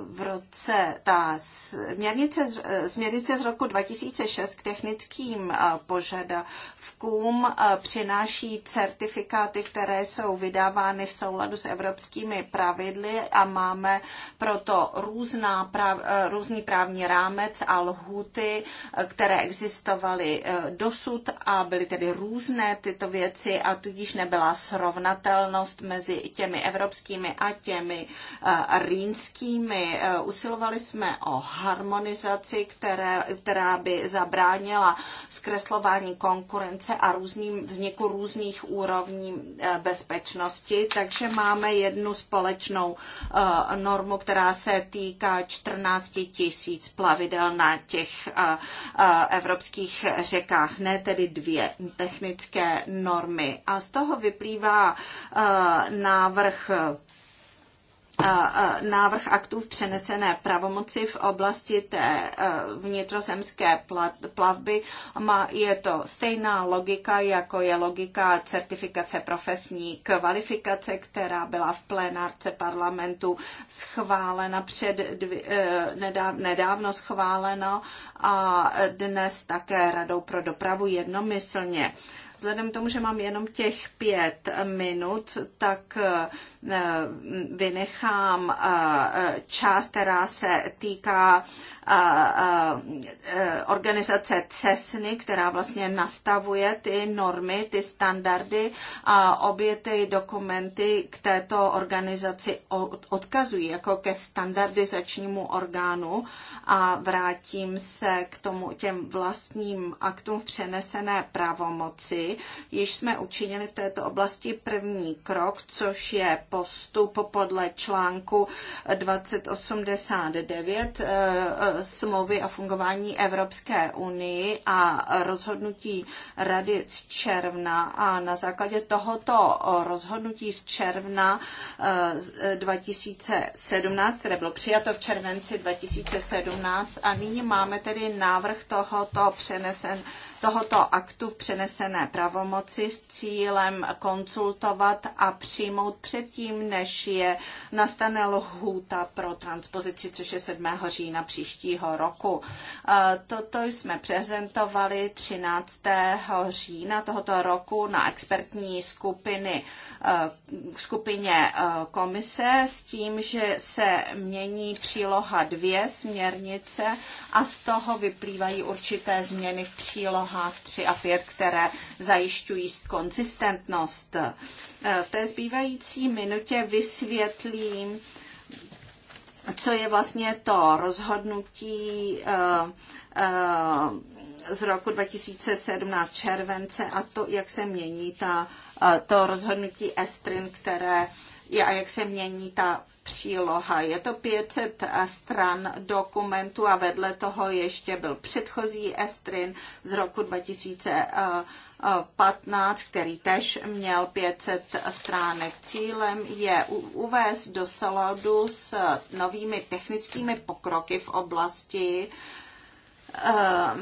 v roce ta směrnice, eh, směrnice z roku 2006 k technickým eh, požadavkům eh, přináší certifikáty, které jsou vydávány v souladu s evropskými pravidly a máme proto různá prav, různý právní rámec a lhuty, které existovaly dosud a byly tedy různé tyto věci a tudíž nebyla srovnatelnost mezi těmi evropskými a těmi rýnskými lidskými. Eh, usilovali jsme o harmonizaci, které, která by zabránila zkreslování konkurence a různým, vzniku různých úrovní eh, bezpečnosti. Takže máme jednu společnou eh, normu, která se týká 14 tisíc plavidel na těch evropských řekách, ne tedy dvě technické normy. A z toho vyplývá návrh návrh aktů v přenesené pravomoci v oblasti té e, vnitrozemské plavby. Je to stejná logika, jako je logika certifikace profesní kvalifikace, která byla v plénárce parlamentu schválena před e, nedávno schválena a dnes také Radou pro dopravu jednomyslně. Vzhledem k tomu, že mám jenom těch pět minut, tak e, Eh, vynechám eh, eh, část, která se týká organizace CESNY, která vlastně nastavuje ty normy, ty standardy a obě ty dokumenty k této organizaci odkazují jako ke standardizačnímu orgánu a vrátím se k tomu těm vlastním aktům v přenesené pravomoci. Již jsme učinili v této oblasti první krok, což je postup podle článku 2089 eh, eh, smlouvy o fungování Evropské unii a rozhodnutí Rady z června a na základě tohoto eh, rozhodnutí z června 2017, které bylo přijato v červenci 2017 a nyní máme tedy návrh tohoto přenesen tohoto aktu v přenesené pravomoci s cílem konzultovat a přijmout předtím předtím, než je nastane lhůta pro transpozici, což je 7. října příštího roku. E, toto jsme prezentovali 13. října tohoto roku na expertní skupiny, e, skupině e, komise s tím, že se mění příloha dvě směrnice a z toho vyplývají určité změny v přílohách 3 a 5, které zajišťují konzistentnost. Eh, v té zbývající minutě vysvětlím, co je vlastně to rozhodnutí eh, eh, z roku 2017 července a to, jak se mění ta, to rozhodnutí Estrin, které je a jak se mění ta příloha. Je to 500 stran dokumentu a vedle toho ještě byl předchozí Estrin z roku 2000. 15, který tež měl 500 stránek. Cílem je uvést do saladu s novými technickými pokroky v oblasti eh,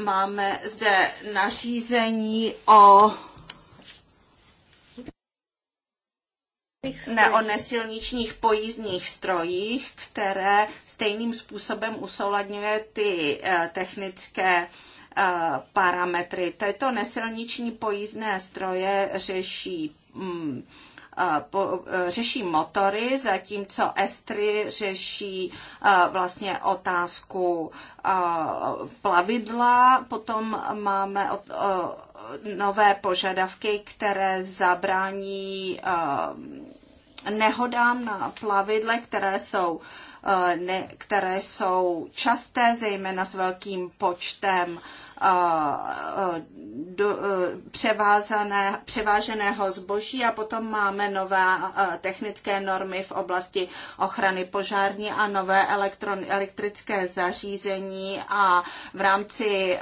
Máme zde nařízení o ne o nesilničních pojízdních strojích, které stejným způsobem usoladňuje ty eh, technické Eh, parametry. Této nesilniční pojízdné stroje řeší mm, eh, po, eh, řeší motory, zatímco estry 3 řeší vlastně otázku plavidla, potom máme nové požadavky, které zabrání nehodám na plavidle, které jsou ne, které jsou časté, zejména s velkým počtem uh, do, e, převázané, převáženého zboží a potom máme nové e, technické normy v oblasti ochrany požární a nové elektron, elektrické zařízení a v rámci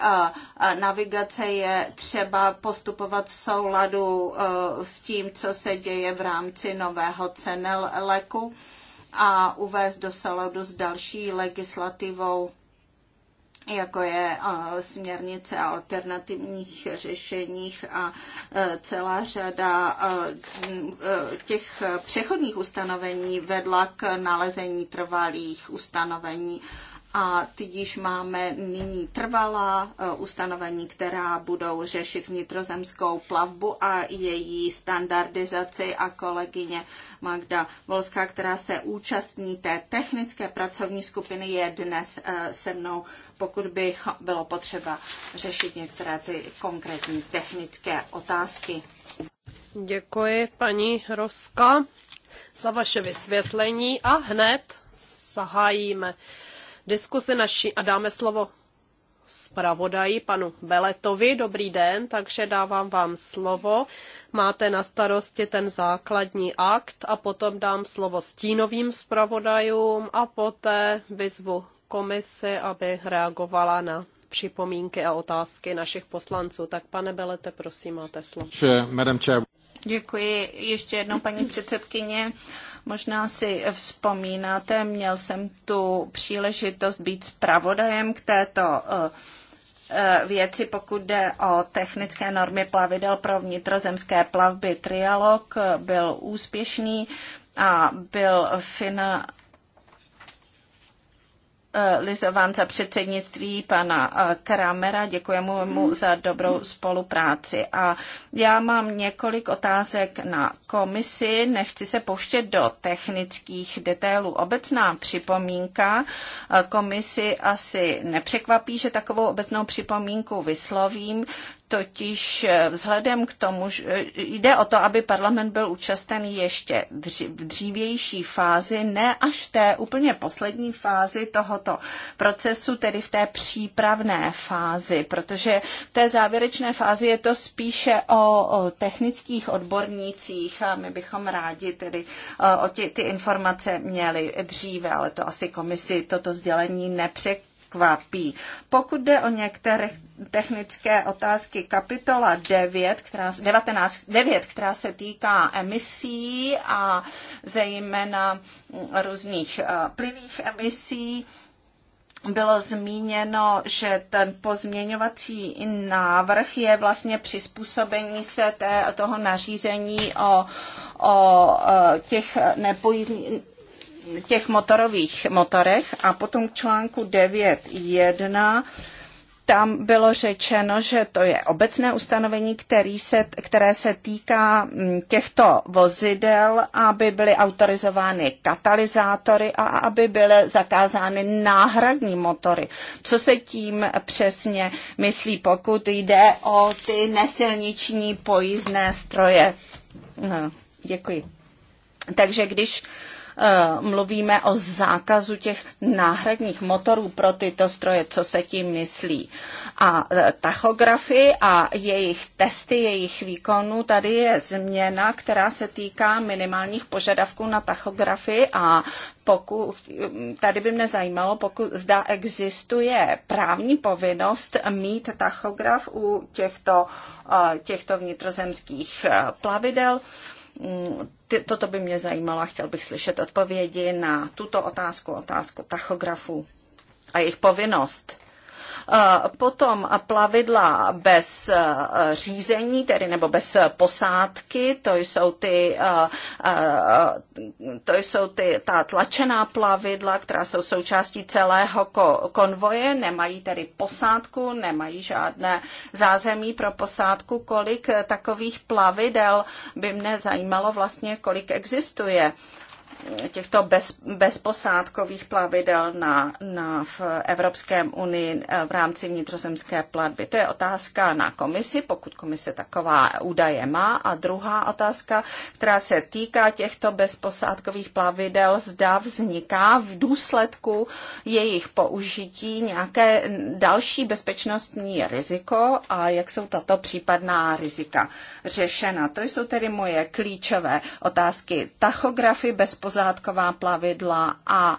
e, navigace je třeba postupovat v souladu s tím, co se děje v rámci nového cenel leku a uvést do souladu s další legislativou jako je směrnice o alternativních řešeních a e, celá řada e, e, těch přechodných ustanovení vedla k nalezení trvalých ustanovení a tudíž máme nyní trvalá e, ustanovení, která budou řešit vnitrozemskou plavbu a její standardizaci a kolegyně Magda Volská, která se účastní té technické pracovní skupiny, je dnes e, se mnou, pokud by bylo potřeba řešit některé ty konkrétní technické otázky. Děkuji, paní Roska, za vaše vysvětlení a hned zahájíme diskuzi naší a dáme slovo zpravodaji panu Beletovi. Dobrý den, takže dávám vám slovo. Máte na starosti ten základní akt a potom dám slovo stínovým zpravodajům a poté vyzvu komisi, aby reagovala na připomínky a otázky našich poslanců. Tak pane Belete, prosím, máte slovo. Děkuji ještě jednou, paní předsedkyně. Uh, Možná si vzpomínáte, měl jsem tu příležitost být zpravodajem k této eh, eh, věci, pokud jde o technické normy plavidel pro vnitrozemské plavby. Trialog eh, byl úspěšný a byl fina, Eh, Lizovan za předsednictví pana eh, Kramera. Děkujeme mu za dobrou spolupráci. A já mám několik otázek na komisi. Nechci se pouštět do technických detailů. Obecná připomínka eh, komisi asi nepřekvapí, že takovou obecnou připomínku vyslovím totiž eh, vzhledem k tomu, že eh, jde o to, aby parlament byl účasten ještě v dřívější fázi, ne až v té úplně poslední fázi tohoto procesu, tedy v té přípravné fázi, protože v té závěrečné fázi je to spíše o, technických odbornících a my bychom rádi tedy eh, o ty, ty informace měli dříve, ale to asi komisi toto sdělení nepřekvapí kvapí. Pokud jde o některé technické otázky, kapitola 9, která, 19, 9, která se týká emisí a zejména různých eh, plynných emisí, bylo zmíněno, že ten pozměňovací návrh je vlastně přizpůsobení se té, toho nařízení o, o eh, těch nepojízdných těch motorových motorech a potom k článku 9.1 tam bylo řečeno, že to je obecné ustanovení, který se, které se týká mm, těchto vozidel, aby byly autorizovány katalyzátory a aby byly zakázány náhradní motory. Co se tím přesně myslí, pokud jde o ty nesilniční pojízdné stroje? No, děkuji. Takže když Eh, mluvíme o zákazu těch náhradních motorů pro tyto stroje, co se tím myslí. A eh, tachografy a jejich testy, jejich výkonu, tady je změna, která se týká minimálních požadavků na tachografy a pokud, hm, tady by mě zajímalo, pokud zda existuje právní povinnost mít tachograf u těchto, eh, těchto vnitrozemských plavidel. Ty, toto by mě zajímalo a chtěl bych slyšet odpovědi na tuto otázku, otázku tachografu a jejich povinnost Potom plavidla bez e, řízení, tedy nebo bez posádky, to jsou ty, e, e, to jsou ty ta tlačená plavidla, která jsou součástí celého konvoje, nemají tedy posádku, nemají žádné zázemí pro posádku, kolik takových plavidel by mne zajímalo vlastně, kolik existuje těchto bez, bezposádkových plavidel na, na v Evropské unii eh, v rámci vnitrozemské platby. To je otázka na komisi, pokud komise taková údaje má. A druhá otázka, která se týká těchto bezposádkových plavidel, zda vzniká v důsledku jejich použití nějaké další bezpečnostní riziko a jak jsou tato případná rizika řešena. To jsou tedy moje klíčové otázky. Tachografy bezposádkové pozádková plavidla a e,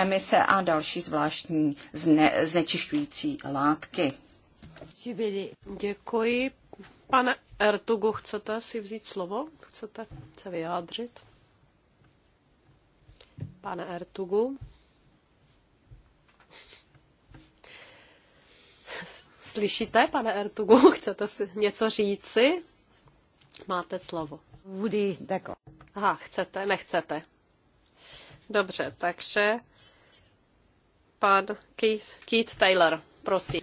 e, emise a další zvláštní zne, znečišťující látky. Děkuji. Pane Ertugu, chcete si vzít slovo? Chcete se vyjádřit? Pane Ertugu? Slyšíte, pane Ertugu? Chcete si něco říci? Máte slovo. Vůdy, děkuji. Aha, chcete, nechcete. Dobře, takže pan Keith, Keith Taylor, prosím.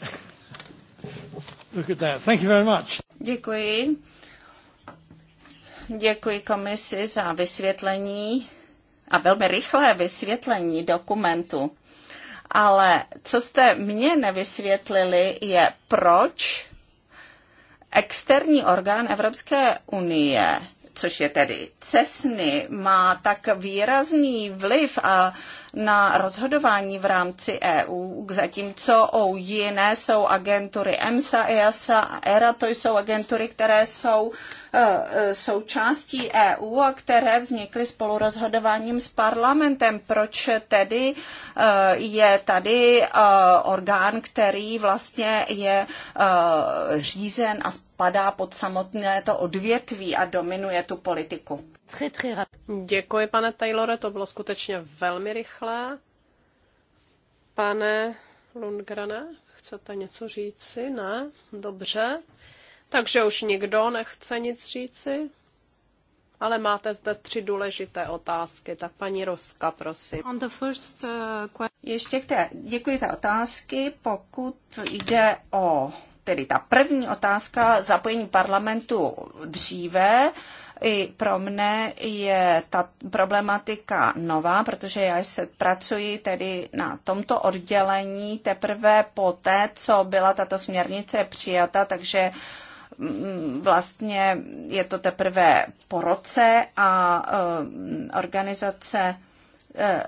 Look at that. Thank you very much. Děkuji. Děkuji komisi za vysvětlení a velmi rychlé vysvětlení dokumentu. Ale co jste mě nevysvětlili, je proč externí orgán Evropské unie což je tedy CESNY, má tak výrazný vliv a na rozhodování v rámci EU, zatímco o jiné jsou agentury EMSA, EASA, ERA, to jsou agentury, které jsou E, součástí EU a které vznikly spolurozhodováním s parlamentem. Proč tedy e, je tady e, orgán, který vlastně je řízen a spadá pod samotné to odvětví a dominuje tu politiku? Děkuji, pane Taylore, to bylo skutečně velmi rychlé. Pane Lundgrane, chcete něco říci? Ne? Dobře. Takže už nikdo nechce nic říci, ale máte zde tři důležité otázky. Tak paní Roska, prosím. On the first, uh, Ještě k té, děkuji za otázky. Pokud jde o tedy ta první otázka zapojení parlamentu dříve, i pro mne je ta problematika nová, protože já se pracuji tedy na tomto oddělení teprve po té, co byla tato směrnice přijata, takže uh, Mm, vlastně je to teprve po roce a eh, organizace eh,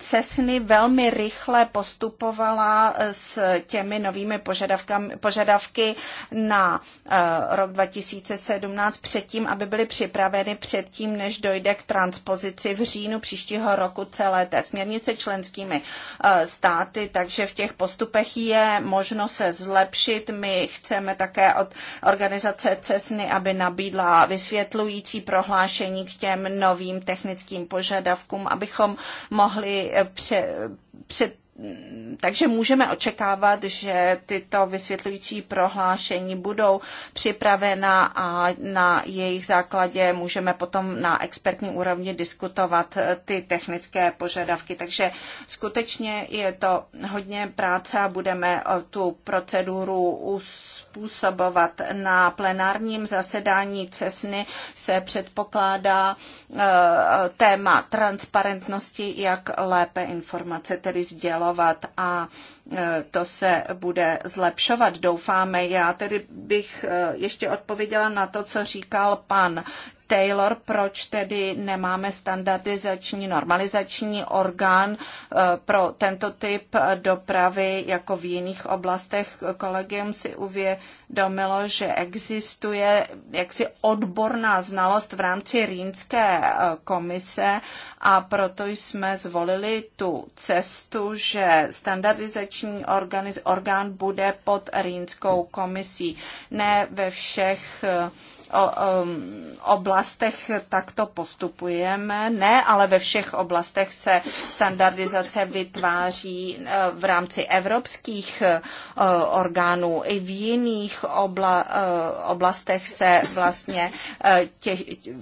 CESNY velmi rychle postupovala eh, s těmi novými požadavky na eh, rok 2017 předtím, aby byly připraveny předtím, než dojde k transpozici v říjnu příštího roku celé té směrnice členskými eh, státy, takže v těch postupech je možno se zlepšit. My chceme také od organizace CESNY, aby nabídla vysvětlující prohlášení k těm novým technickým požadavkům, abychom mohli pře, před takže můžeme očekávat, že tyto vysvětlující prohlášení budou připravena a na jejich základě můžeme potom na expertní úrovni diskutovat eh, ty technické požadavky. Takže skutečně je to hodně práce a budeme eh, tu proceduru us způsobovat. Na plenárním zasedání CESNY se předpokládá eh, téma transparentnosti, jak lépe informace tedy sdělovat a eh, to se bude zlepšovat, doufáme. Já tedy bych eh, ještě odpověděla na to, co říkal pan Taylor, proč tedy nemáme standardizační, normalizační orgán eh, pro tento typ dopravy jako v jiných oblastech. Kolegium si uvědomilo, že existuje jaksi odborná znalost v rámci Rýnské eh, komise a proto jsme zvolili tu cestu, že standardizační organiz, orgán bude pod Rýnskou komisí. Ne ve všech eh, Um, oblastech takto postupujeme. Ne, ale ve všech oblastech se standardizace vytváří eh, v rámci evropských eh, orgánů. I v jiných obla, eh, oblastech se vlastně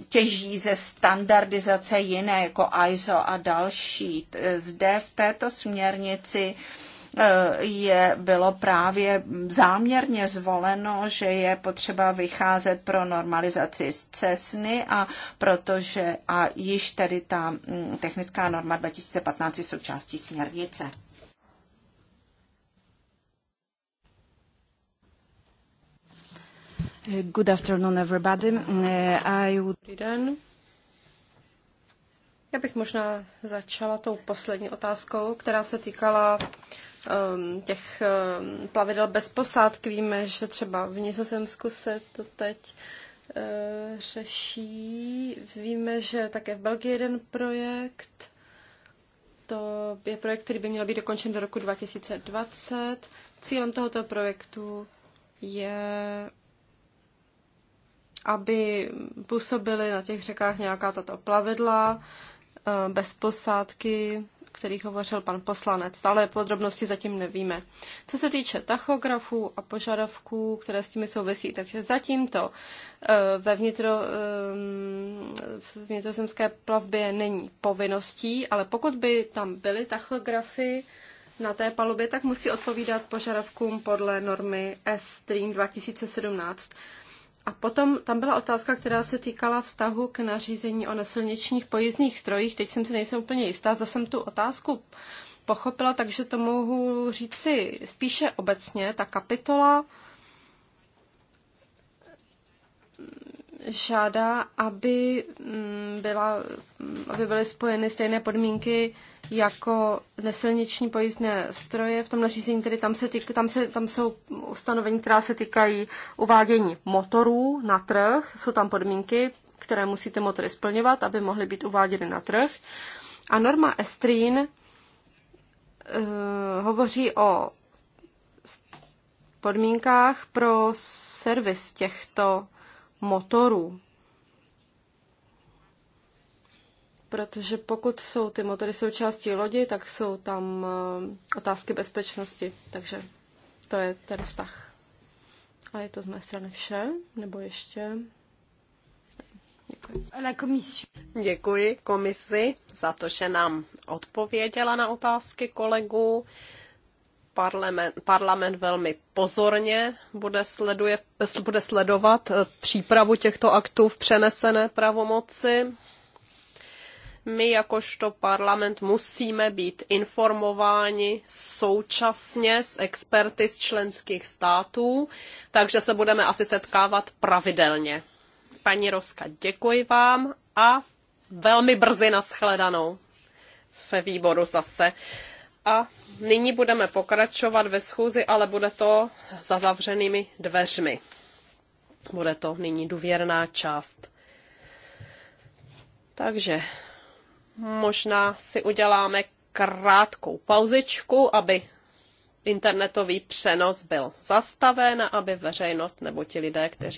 těží ze standardizace jiné, jako ISO a další. Zde v této směrnici je, bylo právě záměrně zvoleno, že je potřeba vycházet pro normalizaci z CESNY a protože a již tedy ta mm, technická norma 2015 je součástí směrnice. Good afternoon, everybody. I would... Dobrý den. Já bych možná začala tou poslední otázkou, která se týkala Um, těch um, plavidel bez posádky. Víme, že třeba v Nizozemsku se to teď uh, řeší. Víme, že také v Belgii jeden projekt. To je projekt, který by měl být dokončen do roku 2020. Cílem tohoto projektu je, aby působily na těch řekách nějaká tato plavidla uh, bez posádky, kterých hovořil pan poslanec, ale podrobnosti zatím nevíme. Co se týče tachografů a požadavků, které s těmi souvisí, takže zatím to eh, ve vnitro, eh, v vnitrozemské plavbě není povinností, ale pokud by tam byly tachografy, na té palubě, tak musí odpovídat požadavkům podle normy S-Stream 2017. A potom tam byla otázka, která se týkala vztahu k nařízení o nesilničních pojízdných strojích. Teď jsem si nejsem úplně jistá, zase jsem tu otázku pochopila, takže to mohu říci spíše obecně. Ta kapitola žádá, aby, mm, byla, aby byly spojeny stejné podmínky jako nesilniční pojízdné stroje. V tom nařízení tedy tam, se týk, tam, se, tam jsou ustanovení, která se týkají uvádění motorů na trh. Jsou tam podmínky, které musíte motory splňovat, aby mohly být uváděny na trh. A norma Estrin uh, eh, hovoří o podmínkách pro servis těchto motorů. Protože pokud jsou ty motory součástí lodi, tak jsou tam eh, otázky bezpečnosti. Takže to je ten vztah. A je to z mé strany vše, nebo ještě? Děkuji. Děkuji komisi za to, že nám odpověděla na otázky kolegů parlament, parlament velmi pozorně bude, sleduje, bude sledovat eh, přípravu těchto aktů v přenesené pravomoci. My jakožto parlament musíme být informováni současně s experty z členských států, takže se budeme asi setkávat pravidelně. Paní Roska, děkuji vám a velmi brzy nashledanou ve výboru zase. A nyní budeme pokračovat ve schůzi, ale bude to za zavřenými dveřmi. Bude to nyní důvěrná část. Takže možná si uděláme krátkou pauzičku, aby internetový přenos byl zastaven a aby veřejnost nebo ti lidé, kteří